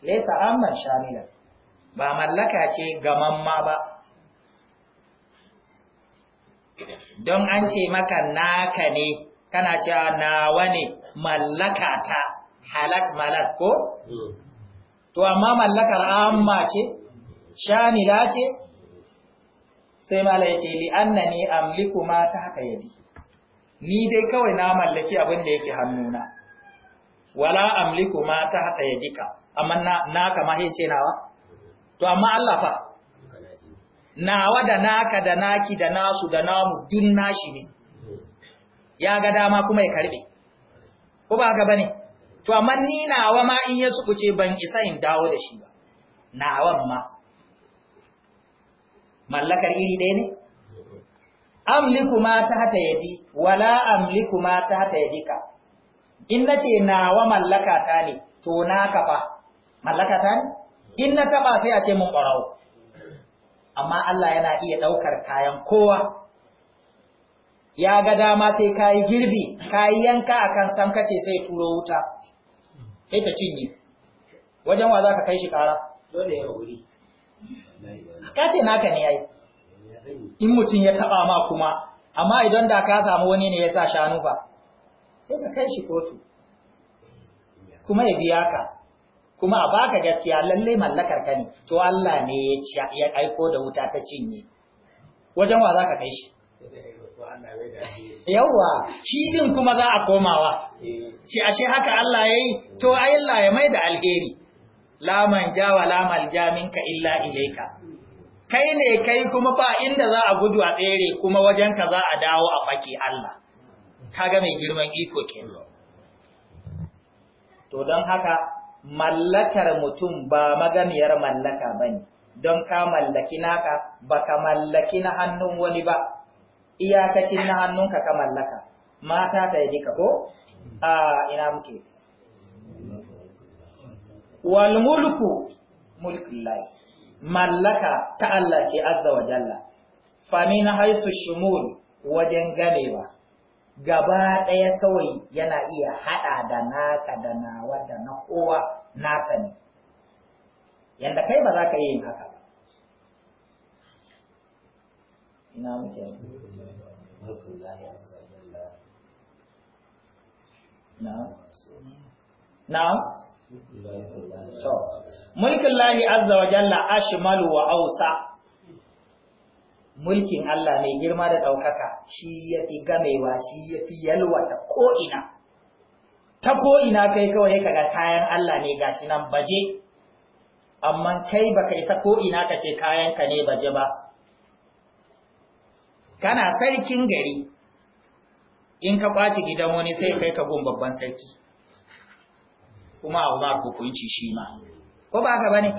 laysa amman Shamila. ba mallaka ce ga mamma ba don an ce maka naka ne kana cewa nawa ne mallaka ta halak malak ko hmm. to amma mallakar amma ce shamila ce sai mala yake li annani amliku ma ta haka yadi ni dai kawai na mallaki abin da yake hannuna wala amliku ma ta haka ka, amma na naka ma ce nawa to amma Allah fa nawa da naka da naki da nasu da namu dun nashi ne ya ga dama kuma ya karbe ko ba ga bane to amma ni nawa ma in ya ce ban isa in dawo da shi ba nawan ma mallakar iri ɗaya ne amliku ma ta hata yadi wala amliku ma ta hata ka. in nace nawa mallaka ta ne to na kafa mallaka ta ne in na taba sai a ce mun ɓarau amma Allah yana iya ɗaukar kayan kowa ya ga dama sai kayi girbi kayi yanka akan sankace sai turo wuta sai ta cinye wajen wa za ka kai shi ƙara dole ya wuri ka naka ne yayi in mutum ya taɓa ma kuma amma idan da ka samu wani ne ya sa shanu fa sai ka kai shi kotu kuma ya biya ka kuma a baka gaskiya lalle mallakar ka ne to Allah ne ya aiko da wuta ta cinye wajen wa za ka kai shi Yawwa, shi din kuma za a komawa, ce eh. ashe haka Allah ya yi, to Allah ya mai da alheri, laman ja wa jaminka illa ilaika. Kai ne kai kuma ba inda za a gudu a tsere kuma wajen ka za a dawo a fake Allah, kaga mai girman iko ke. To don haka, mallakar mutum ba magamiyar mallaka ba ne, don ka mallaki naka, ba ka mallaki na hannun wani ba. iyakacin na hannunka ka mallaka mata ta yi dika ko a ina muke wal mulku lai. mallaka ta Allah ce azza wa jalla na haisu shumul wajen ganewa gaba ɗaya kawai yana iya haɗa da naka da na da na kowa na sani yanda kai ba za ka yi yin haka ba ina muke mulkin الله عز وجل نعم نعم ملك الله عز وجل mulkin Allah mai girma da ɗaukaka shi ya fi gamewa shi ya fi ko'ina ta ko'ina kai kawai kaga kayan Allah ne gashi nan baje amma kai baka isa ko'ina ka ce kayanka ne baje ba kana sarkin gari in ka kwace gidan wani sai kai ka gun babban sarki kuma a ba hukunci shi ma ko ba haka bane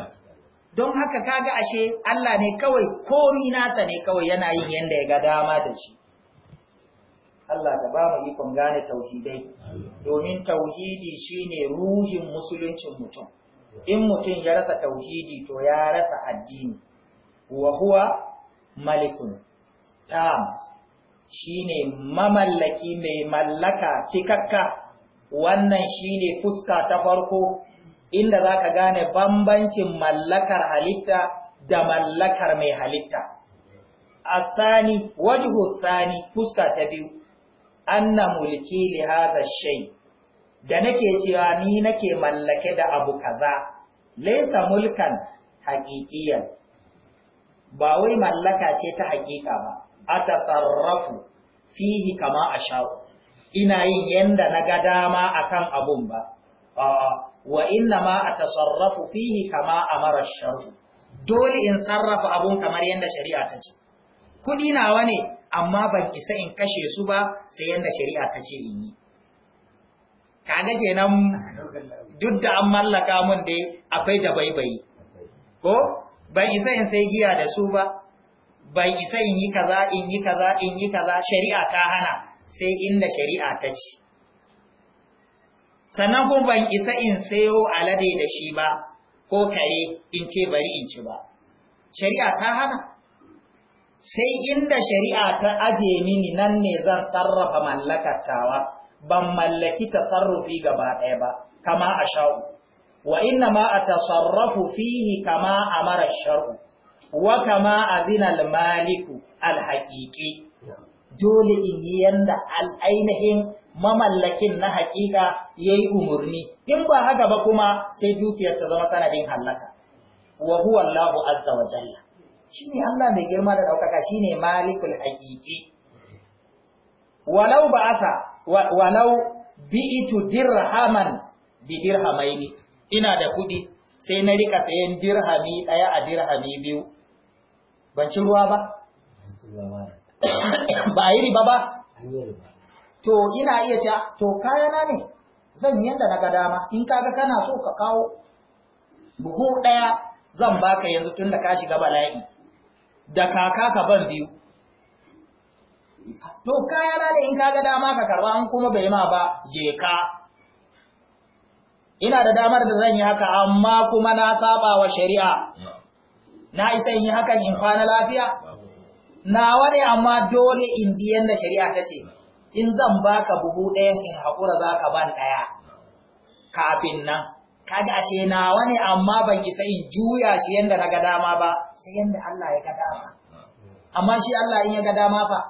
don haka kaga ashe Allah ne kawai komi nasa ne kawai yana yin yanda ya ga dama da shi Allah ka ba mu ikon gane tauhidai domin tauhidi shine ruhin musuluncin mutum in mutum ya rasa tauhidi to ya rasa addini wa huwa malikun tam shine mamallaki mai mallaka cikakka wannan shine fuska ta farko inda za ka gane bambancin mallakar halitta da mallakar mai halitta. Asani, wajhu sani fuska ta biyu, anna mulki li hada shay da nake cewa ni nake mallake da abu kaza, laysa mulkan haqiqiyan. Ba wai mallaka ce ta haƙiƙa ba, atasarrafu fihi kama asha'u ina yin yanda na ga dama akan abun ba wa inna ma atasarrafu fihi kama amara shar'u dole in sarrafa abun kamar yanda shari'a ta ce kudi nawa ne amma ban isa in kashe su ba sai yanda shari'a ta ce in yi kaga kenan duk da an mallaka mun dai akwai da baibayi ko ban isa in sai giya da su ba ban isa in yi kaza in yi kaza in yi kaza shari'a ta hana sai inda shari'a ta ce sannan kuma ban isa in sayo alade da shi ba ko kare in ce bari in ci ba shari'a ta hana sai inda shari'a ta aje mini nan ne zan sarrafa mallakar ban mallaki tasarrufi gaba ɗaya ba kama a sha'u wa inna ma a tasarrafu fihi kama a marar shar'u Wakama kama azina al-maliku al dole in yi yanda al'ainihin mamallakin na haƙiƙa yayi umurni in ba haka ba kuma sai dukiyar ta zama sanadin hallaka wa huwa Allahu azza wa jalla shine Allah mai girma da ɗaukaka shine malikul haqiqi walau ba'asa walau bi'itu dirhaman bi dirhamaini ina da kuɗi sai na rika sayan dirhami ɗaya a dirhami biyu ban ci ruwa ba ba a yi riba ba to ina iya ta to kayana ne zan yi yanda na ga dama in kaga kana so ka kawo buhu ɗaya zan baka yanzu tun da ka shiga bala'i da kaka ka ban biyu to kayana ne in kaga dama ka karba an kuma bai ma ba je ka ina da damar da zan yi haka amma kuma na saba wa shari'a na isa yin hakan in kwana lafiya nawa ne amma dole in bi yanda shari'a ta ce in zan baka buhu ɗaya in haƙura zaka ban ɗaya kafin nan kaga ashe nawa ne amma ban isa in juya shi yanda na ga dama ba sai yanda Allah ya ga dama amma shi Allah in ya ga dama fa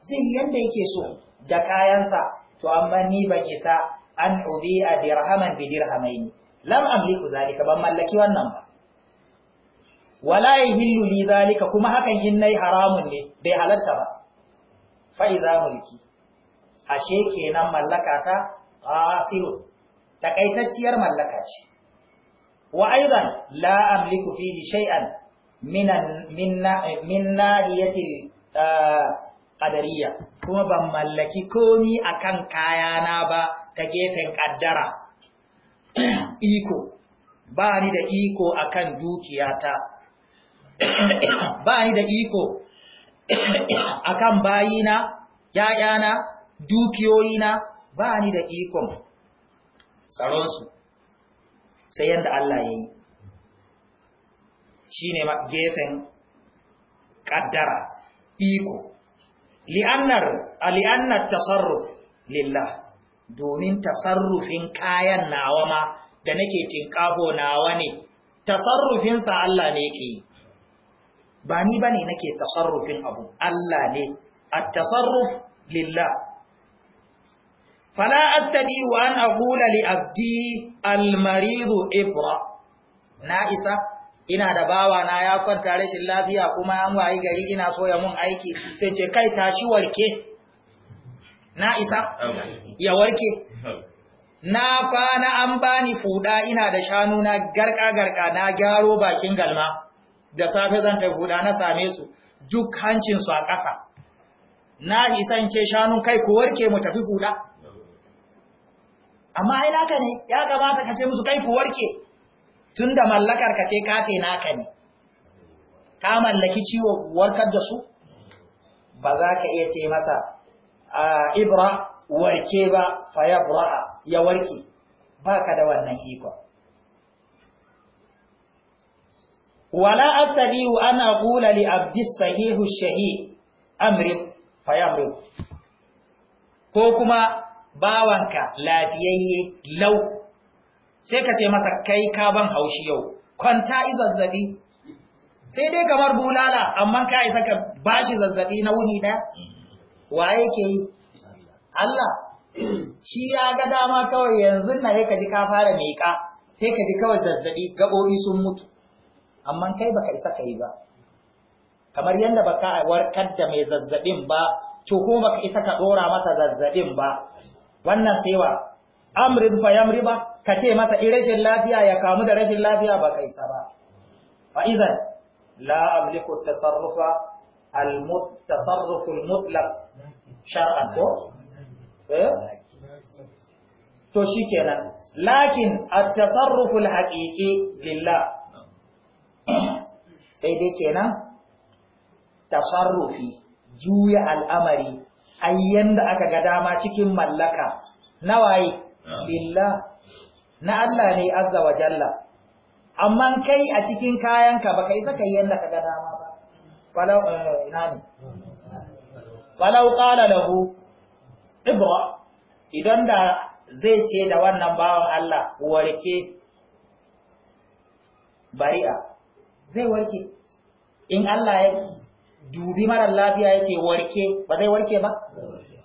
zai yanda yake so da kayansa to amma ni ban isa an ubi a dirhaman bi dirhamaini lam amliku zalika ban mallaki wannan ba wala yahillu li zalika kuma hakan in nayi haramun ne bai halarta ba Fa'iza mulki ashe kenan mallaka ta qasirun takaitacciyar mallaka ce wa aidan la amliku fihi shay'an minan minna minna ah, qadariyya kuma ban mallaki komi akan kayana ba ta gefen kaddara iko ba ni da iko akan dukiyata ba ni da iko akan bayina ‘ya'yana dukiyoyina ba ni da ikon tsaronsu sai yadda Allah ya yi shi ne gefen ƙaddara iko li'annar ali'annar tasarruf lillah domin tasarrufin kayan nawa ma da nake tinkaho nawa ne tasarrufinsa Allah ne ke yi ba ni bane nake tasarrufin abu Allah ne at-tasarruf lillah fala attadi wa an aqula li abdi al-marid ibra na isa ina da bawa na ya kwanta rashin lafiya kuma an wayi gari ina so ya mun aiki sai ce kai tashi warke na isa ya warke na kwana an bani fuda ina da shanu na garka garka na gyaro bakin galma da safe zan tafi huda na same su duk hancinsu a ƙasa na ce shanun kai ku warke mu tafi huda. amma ai naka ne ya kamata ka ce musu kai ku warke tun da mallakar ka ce kace naka ne ka mallaki ciwo warkar da su ba za ka iya ce masa ibra warke ba fa ya ya warke ba ka da wannan ikon wala abtadiu ana aqula li abdi sahihu shahi amri fayamri ko kuma bawanka lafiyayye lau sai ka ce masa kai ka ban haushi yau kwanta izazzabi sai dai kamar bulala amma ka isa ka bashi zazzabi na wuni da waye ke yi Allah shi ya ga dama kawai yanzu na sai ka ji ka fara miƙa sai ka ji kawai zazzabi gabobi sun mutu amma kai baka isa ka yi ba kamar yadda baka warkar da mai zazzabin ba to kuma baka isa ka dora masa zazzabin ba wannan sewa amrid fa ba, ka ce masa irashin lafiya ya kamu da rashin lafiya baka isa ba fa idan la amliku tasarrufa al-mutasarruf al-mutlaq shar'an ko eh to shikenan lakin at-tasarruf al-haqiqi lillah sai dai kenan tasarrufi juya al'amari ayyan da aka ga dama cikin mallaka nawaye ah. lillah na Allah ne azza wa jalla amma kai a cikin kayanka baka isa kai yanda ka ga dama ba falau eh, ina ne falau qala lahu ibra idan da zai ce da wannan bawan Allah warke bari'a zai warke in Allah ya dubi marar lafiya yake warke ba zai warke ba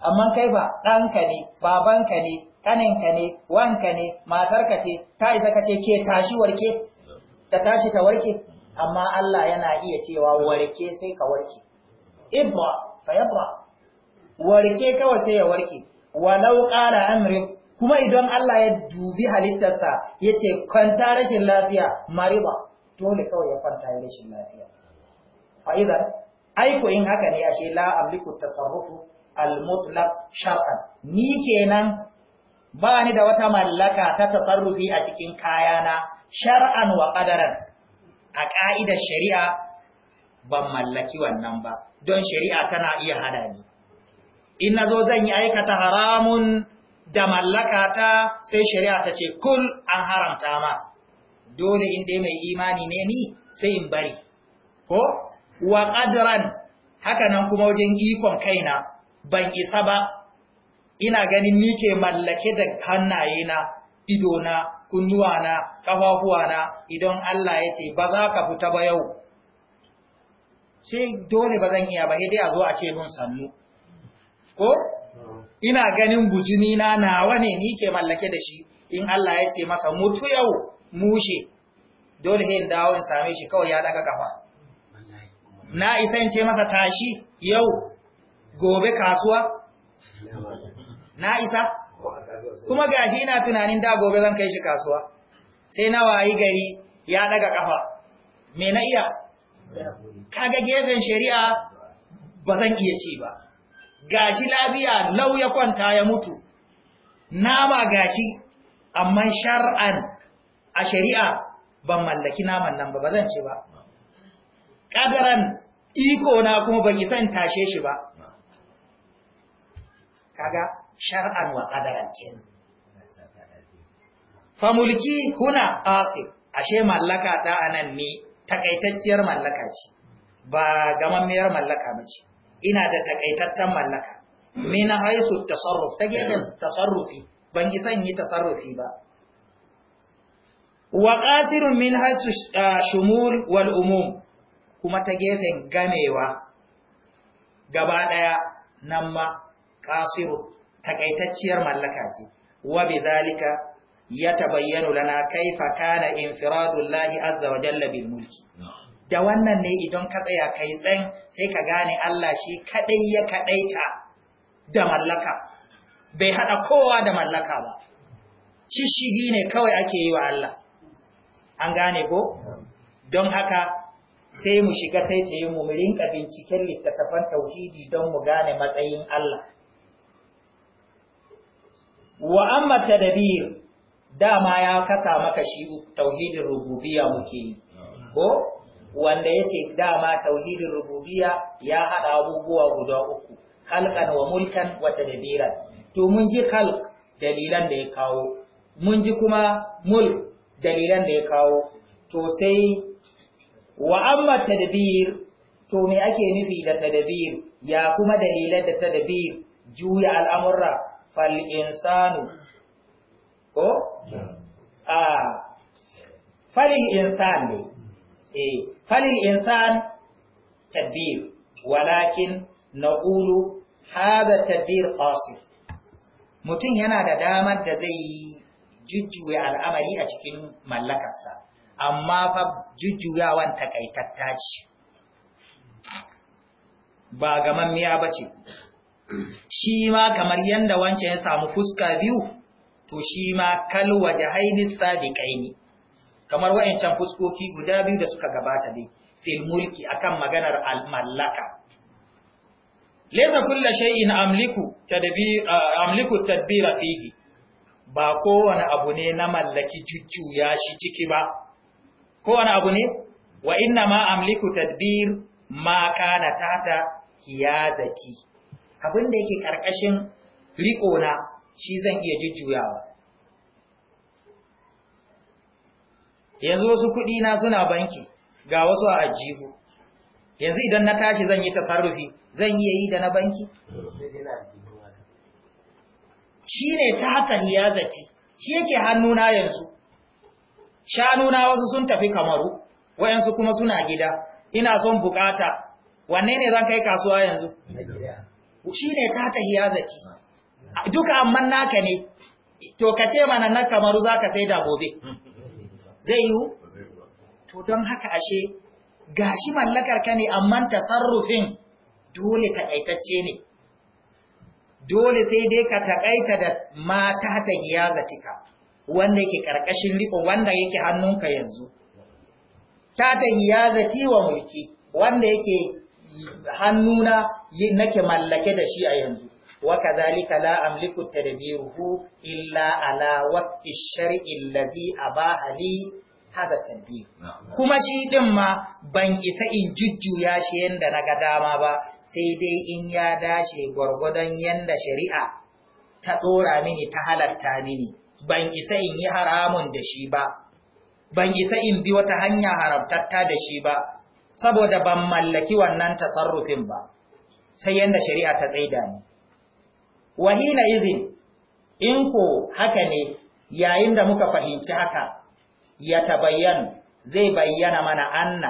amma kai ba ɗanka ne babanka ne ƙaninka ne wanka ne matarka ce ta isa ka ce ke tashi warke ta tashi ta warke amma Allah yana iya cewa warke sai ka warke ibba fa yabra warke kawai sai ya warke walau qala amrin kuma idan Allah ya dubi halittarsa yace kwanta rashin lafiya mariba dole kawai ya kwanta ya rashin lafiya ai aiko in haka ne ashe la amliku tasarrufu al-mutlaq shar'an ni kenan ba ni da wata mallaka ta tasarrufi a cikin kayana shar'an wa a ƙa'idar shari'a ban mallaki wannan ba don shari'a tana iya hada ni in zo zan yi aikata haramun da mallaka ta sai shari'a ta ce kul an haramta ma dole inda mai imani ne ni sai in bari ko wa qadran haka nan kuma wajen ikon kaina ban isa ba ina ganin ni ke mallake da hannaye na, na, kunnuwa na, kafafuwa na idan Allah ya ce ba za ka fita ba yau sai dole ba zan iya ba sai dai a zo a ce mun sannu ko ina ganin bujini na nawa ne ni ke mallake da shi in Allah ya ce masa mutu yau mushe dole hin dawo in same shi kawai ya daga kafa na isa in ce masa tashi yau gobe kasuwa na isa kuma gashi ina tunanin da gobe zan kai shi kasuwa sai na wayi gari ya daga kafa me na iya kaga gefen shari'a ba zan iya ci ba gashi lafiya lau ya kwanta ya mutu nama gashi amma shar'an a shari'a ban mallaki naman nan ba ba zan ce ba ƙadaran iko na kuma ban isan tashe shi ba kaga shar'an wa ƙadaran kenan mulki huna asif ashe mallaka ta anan ne takaitacciyar mallaka ce ba gamammiyar mallaka ba ce ina da takaitattan mallaka mina haisu tasarruf ta gefen tasarrufi ban isan yi tasarrufi ba wa ƙatirun min hasu shumul wal umum kuma ta gefen gamewa gaba ɗaya nan ma ƙasiru takaitacciyar mallaka ce wa bi zalika ya tabayyanu lana kaifa kana infiradullahi azza wa mulki da wannan ne idan ka tsaya kai tsan sai ka gane Allah shi kadai ya kadaita da mallaka bai haɗa kowa da mallaka ba shishigi ne kawai ake yi wa Allah an gane ko don haka sai mu shiga taitayin mu rinka binciken littattafan tauhidi don mu gane matsayin Allah wa amma tadabir dama ya kasa maka shi tauhidin rububiyya muke ko wanda yace dama tauhidin rububiyya ya hada abubuwa guda uku khalqan wa mulkan wa tadbiran to mun ji khalq dalilan da ya kawo mun ji kuma mulk dalilan da ya kawo to sai wa amma tadbir to me ake nufi da tadbir ya kuma dalilan da tadbir juya al'amurra fal insanu ko a fal insan ne eh fal insan tadbir walakin naqulu hada tadbir qasif mutum yana da damar da zai yi jujjuya al'amari a cikin mallakarsa amma fa jujjuyawan takaitatta ce ba ga ba ce shi ma kamar yadda wancan ya samu fuska biyu to shi ma kalwa jahaini sadiqaini kamar wayancan fuskoki guda biyu da suka gabata dai fil mulki akan maganar al mallaka laysa kullu shay'in amliku tadbir amliku tadbira fihi ba kowane abu ne na mallaki jujjuya shi ciki ba kowane abu ne wa inna ma amliku tadbir ma kana tata hiyadaki abin da yake karkashin riko na shi zan iya jujjuyawa yanzu wasu kuɗi na suna banki ga wasu a ajihu yanzu idan na tashi zan yi tasarrufi zan iya yi da na banki shi ne ta hata hiyazati shi yake hannuna yanzu shanuna wasu sun tafi kamaru wayansu kuma suna gida ina son bukata wanne ne zan kai kasuwa yanzu shi ne ta hata hiyazati duka amman naka ne to ka ce mana na kamaru za ka sai da gobe zai yiwu to don haka ashe gashi mallakar ka ne amman tasarrufin dole taƙaitacce ne dole sai dai ka taƙaita da mata ta hiyazatika wanda yake ƙarƙashin riƙo wanda yake hannunka yanzu ta ta hiyazati wa mulki wanda yake hannuna nake mallake da shi a yanzu wa kadhalika la amliku tadbiruhu illa ala waqti ash-shar'i allazi abaha haka tadbir kuma shi ɗin ma ban isa in jujjuya shi yanda ga dama ba sai dai in ya dace gwargwadon yanda shari'a ta dora mini ta halarta mini ban isa in yi haramun da shi ba ban isa in bi wata hanya haramtatta da shi ba saboda ban mallaki wannan tasarrufin ba sai yanda shari'a ta tsaida ni wahina izin in ko haka ne yayin da muka fahimci haka ya tabayyanu zai bayyana mana anna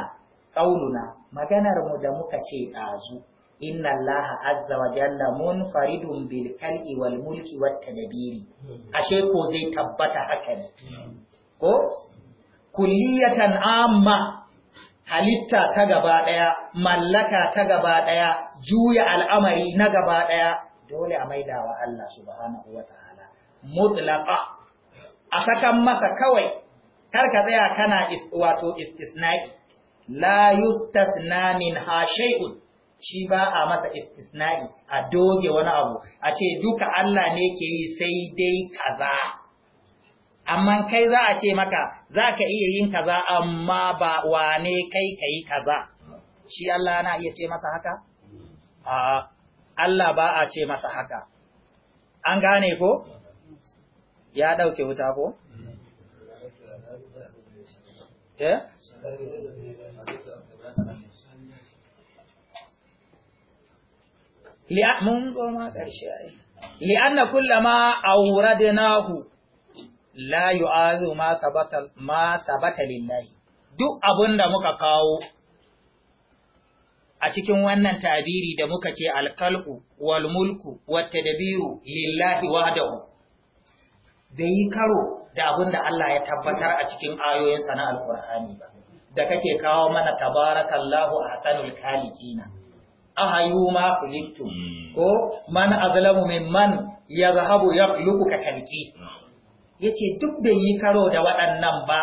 qauluna maganar mu da muka ce ɗazu. inna allaha azza wa jalla munfaridun bil kal'i wal mulki wat tadbiri ashe ko zai tabbata haka ne ko kulliyatan amma halitta ta gaba ɗaya, mallaka ta gaba ɗaya, juya al'amari na gaba ɗaya, dole a maidawa Allah subhanahu wa ta'ala, mutlaƙa, a sakan masa kawai Karka ka tsaya kana is, wato istisna'i la yustasna min ha shay'un shi ba a masa istisna'i a doge wani abu a ce duka Allah ne ke yi sai dai kaza amma kai za a ce maka za ka iya yin kaza amma ba wane kai ka yi kaza shi Allah na iya ce masa haka? a Allah ba a ce masa haka an gane ko? ya ɗauke wuta ko? Eh? mun goma ƙarshe ai anna kullama awradnahu la yu'azu ma sabata ma sabata lillahi duk abinda muka kawo a cikin wannan tabiri da muka ce alkalku wal mulku wat tadbiru lillahi wahdahu bai karo da abin da Allah ya tabbatar a cikin ayoyinsa na alkur'ani ba da kake kawo mana tabarakallahu ahsanul khaliqina ahayu ma kuliktum hmm. ko man azlamu mimman yazhabu yaqluku ka kalki yace duk bai yi karo da waɗannan ba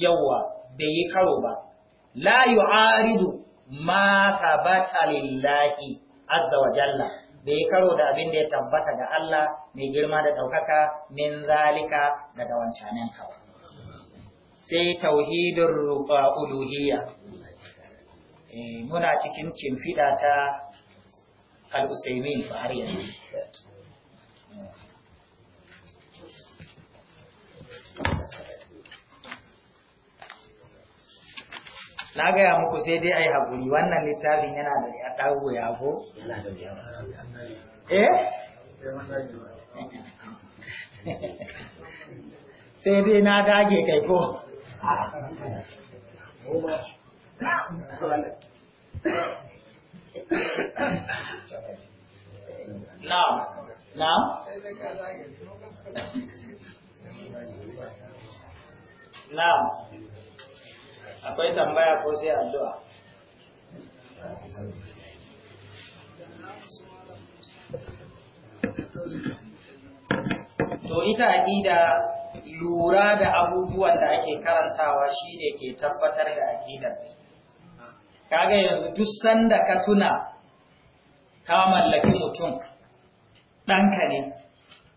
yawa bai yi karo ba la yu'aridu ma tabata lillahi azza wa jalla bai yi karo da abin da ya tabbata ga Allah mai girma da ɗaukaka min zalika daga wancanen kawa. Sai tauhidin uluhiyya. Eh, muna cikin cimfiɗa ta al'usaimin har yanzu. na gaya muku sai dai ai haƙuri wannan littafin yana da ya ɗago ya ko? eh? sai dai na dage kai ko? na na? na akwai tambaya ko sai addu'a to ita aƙida lura da abubuwan da ake karantawa shine ke tabbatar da aƙidar kaga yanzu duk sanda ka tuna ka mallaki mutum ɗanka ne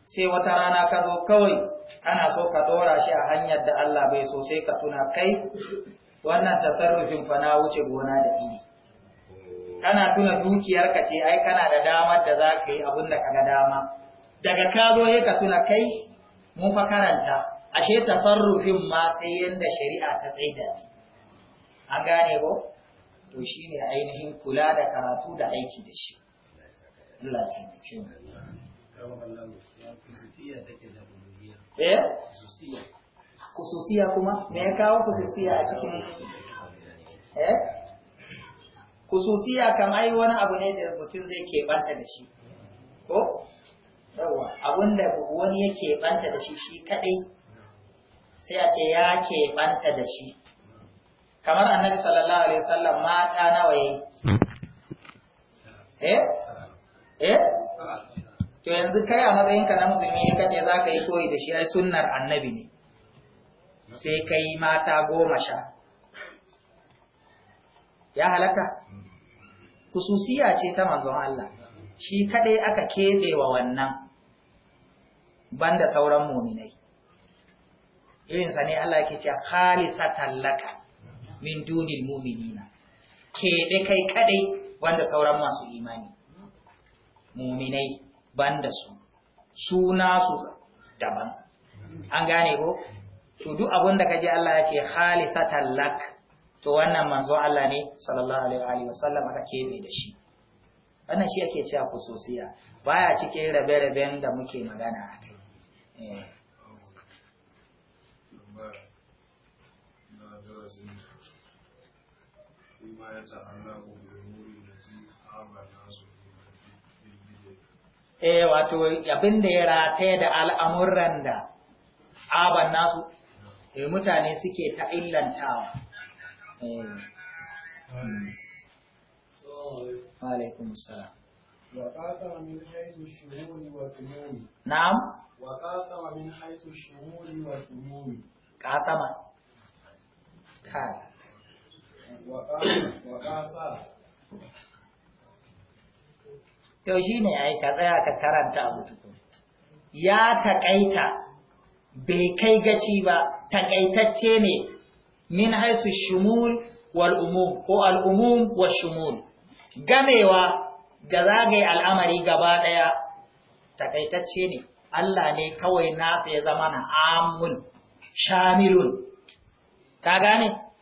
sai wata rana ka zo kawai kana so ka dora shi a hanyar da Allah bai so sai ka tuna kai wannan tasarrufin fa na wuce gona da iri kana tuna dukiyar ka ce ai kana da damar da za ka yi abin da ka ga dama daga ka zo ka tuna kai mun fa karanta ashe tasarrufin ma sai yanda shari'a ta tsaida an gane ko to shine ainihin kula da karatu da aiki da shi Allah ya taimake mu eh kususiya kuma me ya kawo kususiya a cikin eh kususiya kam ai wani abu ne da mutum zai keɓanta da shi ko yawa abun da wani ya keɓanta da shi shi kaɗai sai a ce ya keɓanta da shi kamar annabi sallallahu alaihi wasallam mata nawa yayi eh eh to yanzu kai a matsayinka na musulmi ya kace za ka yi koyi da shi ai sunnar annabi ne sai ka yi mata goma sha ya halaka kususiya ce ta manzon Allah shi kadai aka keɓe wa wannan banda sauran muminai irinsa ne Allah ke ce khalisatan tallaka min dunin muminina keɓe kai kadai banda sauran masu imani muminai banda su suna su daban an gane ko to duk abin da kaji Allah ya ce khalifatan lak to wannan manzo Allah ne sallallahu alaihi wa sallam aka kebe da shi wannan shi ake cewa kusosiya baya cike rabe-raben da muke magana a kai eh. eh wato abin da ya rataya da al'amuran da aban nasu Eh, mutane suke ta illantawa eh. alaikum tumuni. na'am wa qasama min haythu shuhuri wa thumumi qasama ka wa qasama to shine ai ka tsaya ka karanta abu tukun ya taƙaita bai kai gaci ba takaitacce ne min haisu shumul wal umum ko al umum wa shumul gamewa da zagaye al'amari gaba daya takaitacce ne Allah ne kawai nasa ya zamana aamun amun shamilun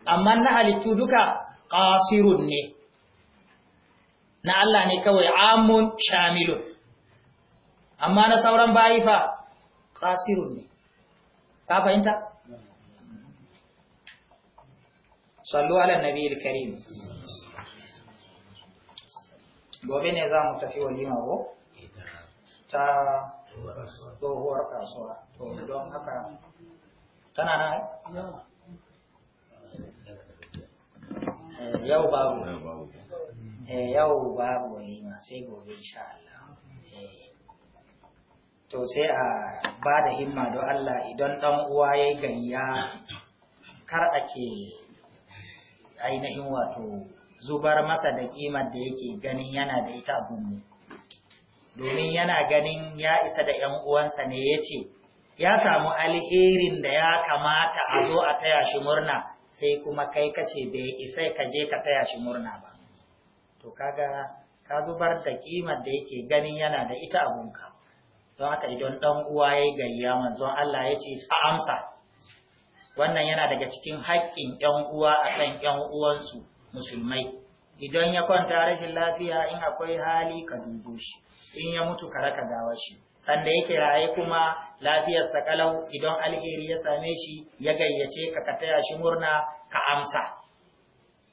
amma na halittu duka qasirun ne na Allah ne kawai aamun shamilun amma na sauran bayi fa ne ka fahimta sallu ala nabiyil karim gobe ne za mu tafi walima ko ta tohuwar kasuwa to don haka tana na eh, yau babu eh, yau babu walima sai gobe insha Allah to sai a ba da himma don Allah idan ɗan uwa ya yi kar ake ainihin wato zubar masa da ƙimar da yake ganin yana da ita abinmu domin yana ganin ya isa da ‘yan uwansa ne ya ce ya samu alherin da ya kamata a zo a taya shi murna sai kuma kai kace bai isa ka je ka taya shi murna ba to kaga ka zubar da ƙimar da yake ganin yana da ita abunka don haka idan ɗan uwa ya yi gayya manzon Allah ya ce a amsa wannan yana daga cikin haƙƙin ‘yan uwa akan kan ‘yan uwansu musulmai idan ya kwanta rashin lafiya in akwai hali ka dubo shi in ya mutu ka raka gawa shi sanda yake raye kuma lafiyarsa kalau idan alheri ya same shi ya gayyace ka ka taya shi murna ka amsa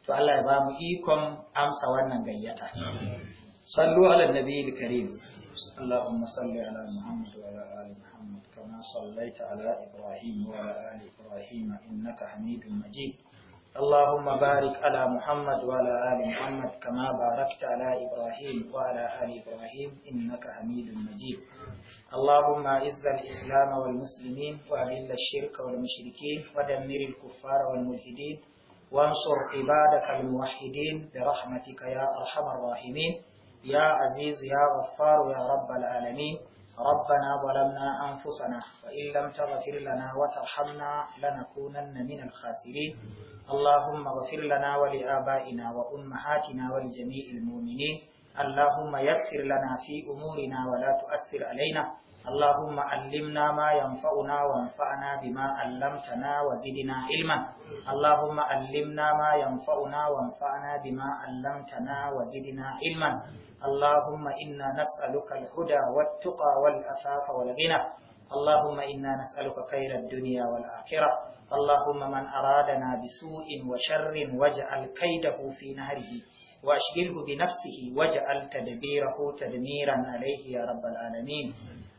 to Allah ya ba mu ikon amsa wannan gayyata sallu ala nabiyil karim اللهم صل على محمد وعلى آل محمد كما صليت على إبراهيم وعلى آل إبراهيم إنك حميد مجيد اللهم بارك على محمد وعلى آل محمد كما باركت على إبراهيم وعلى آل إبراهيم إنك حميد مجيد اللهم أعز الإسلام والمسلمين وأذل الشرك والمشركين ودمر الكفار والملحدين وانصر عبادك الموحدين برحمتك يا أرحم الراحمين يا عزيز يا غفار يا رب العالمين ربنا ظلمنا أنفسنا وإن لم تغفر لنا وترحمنا لنكونن من الخاسرين اللهم اغفر لنا ولآبائنا وأمهاتنا ولجميع المؤمنين اللهم يسر لنا في أمورنا ولا تؤثر علينا اللهم علمنا ما ينفعنا وانفعنا بما علمتنا وزدنا علما اللهم علمنا ما ينفعنا وانفعنا بما علمتنا وزدنا علما اللهم إنا نسألك الهدى والتقى والأفاف والغنى اللهم إنا نسألك خير الدنيا والآخرة اللهم من أرادنا بسوء وشر واجعل كيده في نهره وأشغله بنفسه واجعل تدبيره تدميرا عليه يا رب العالمين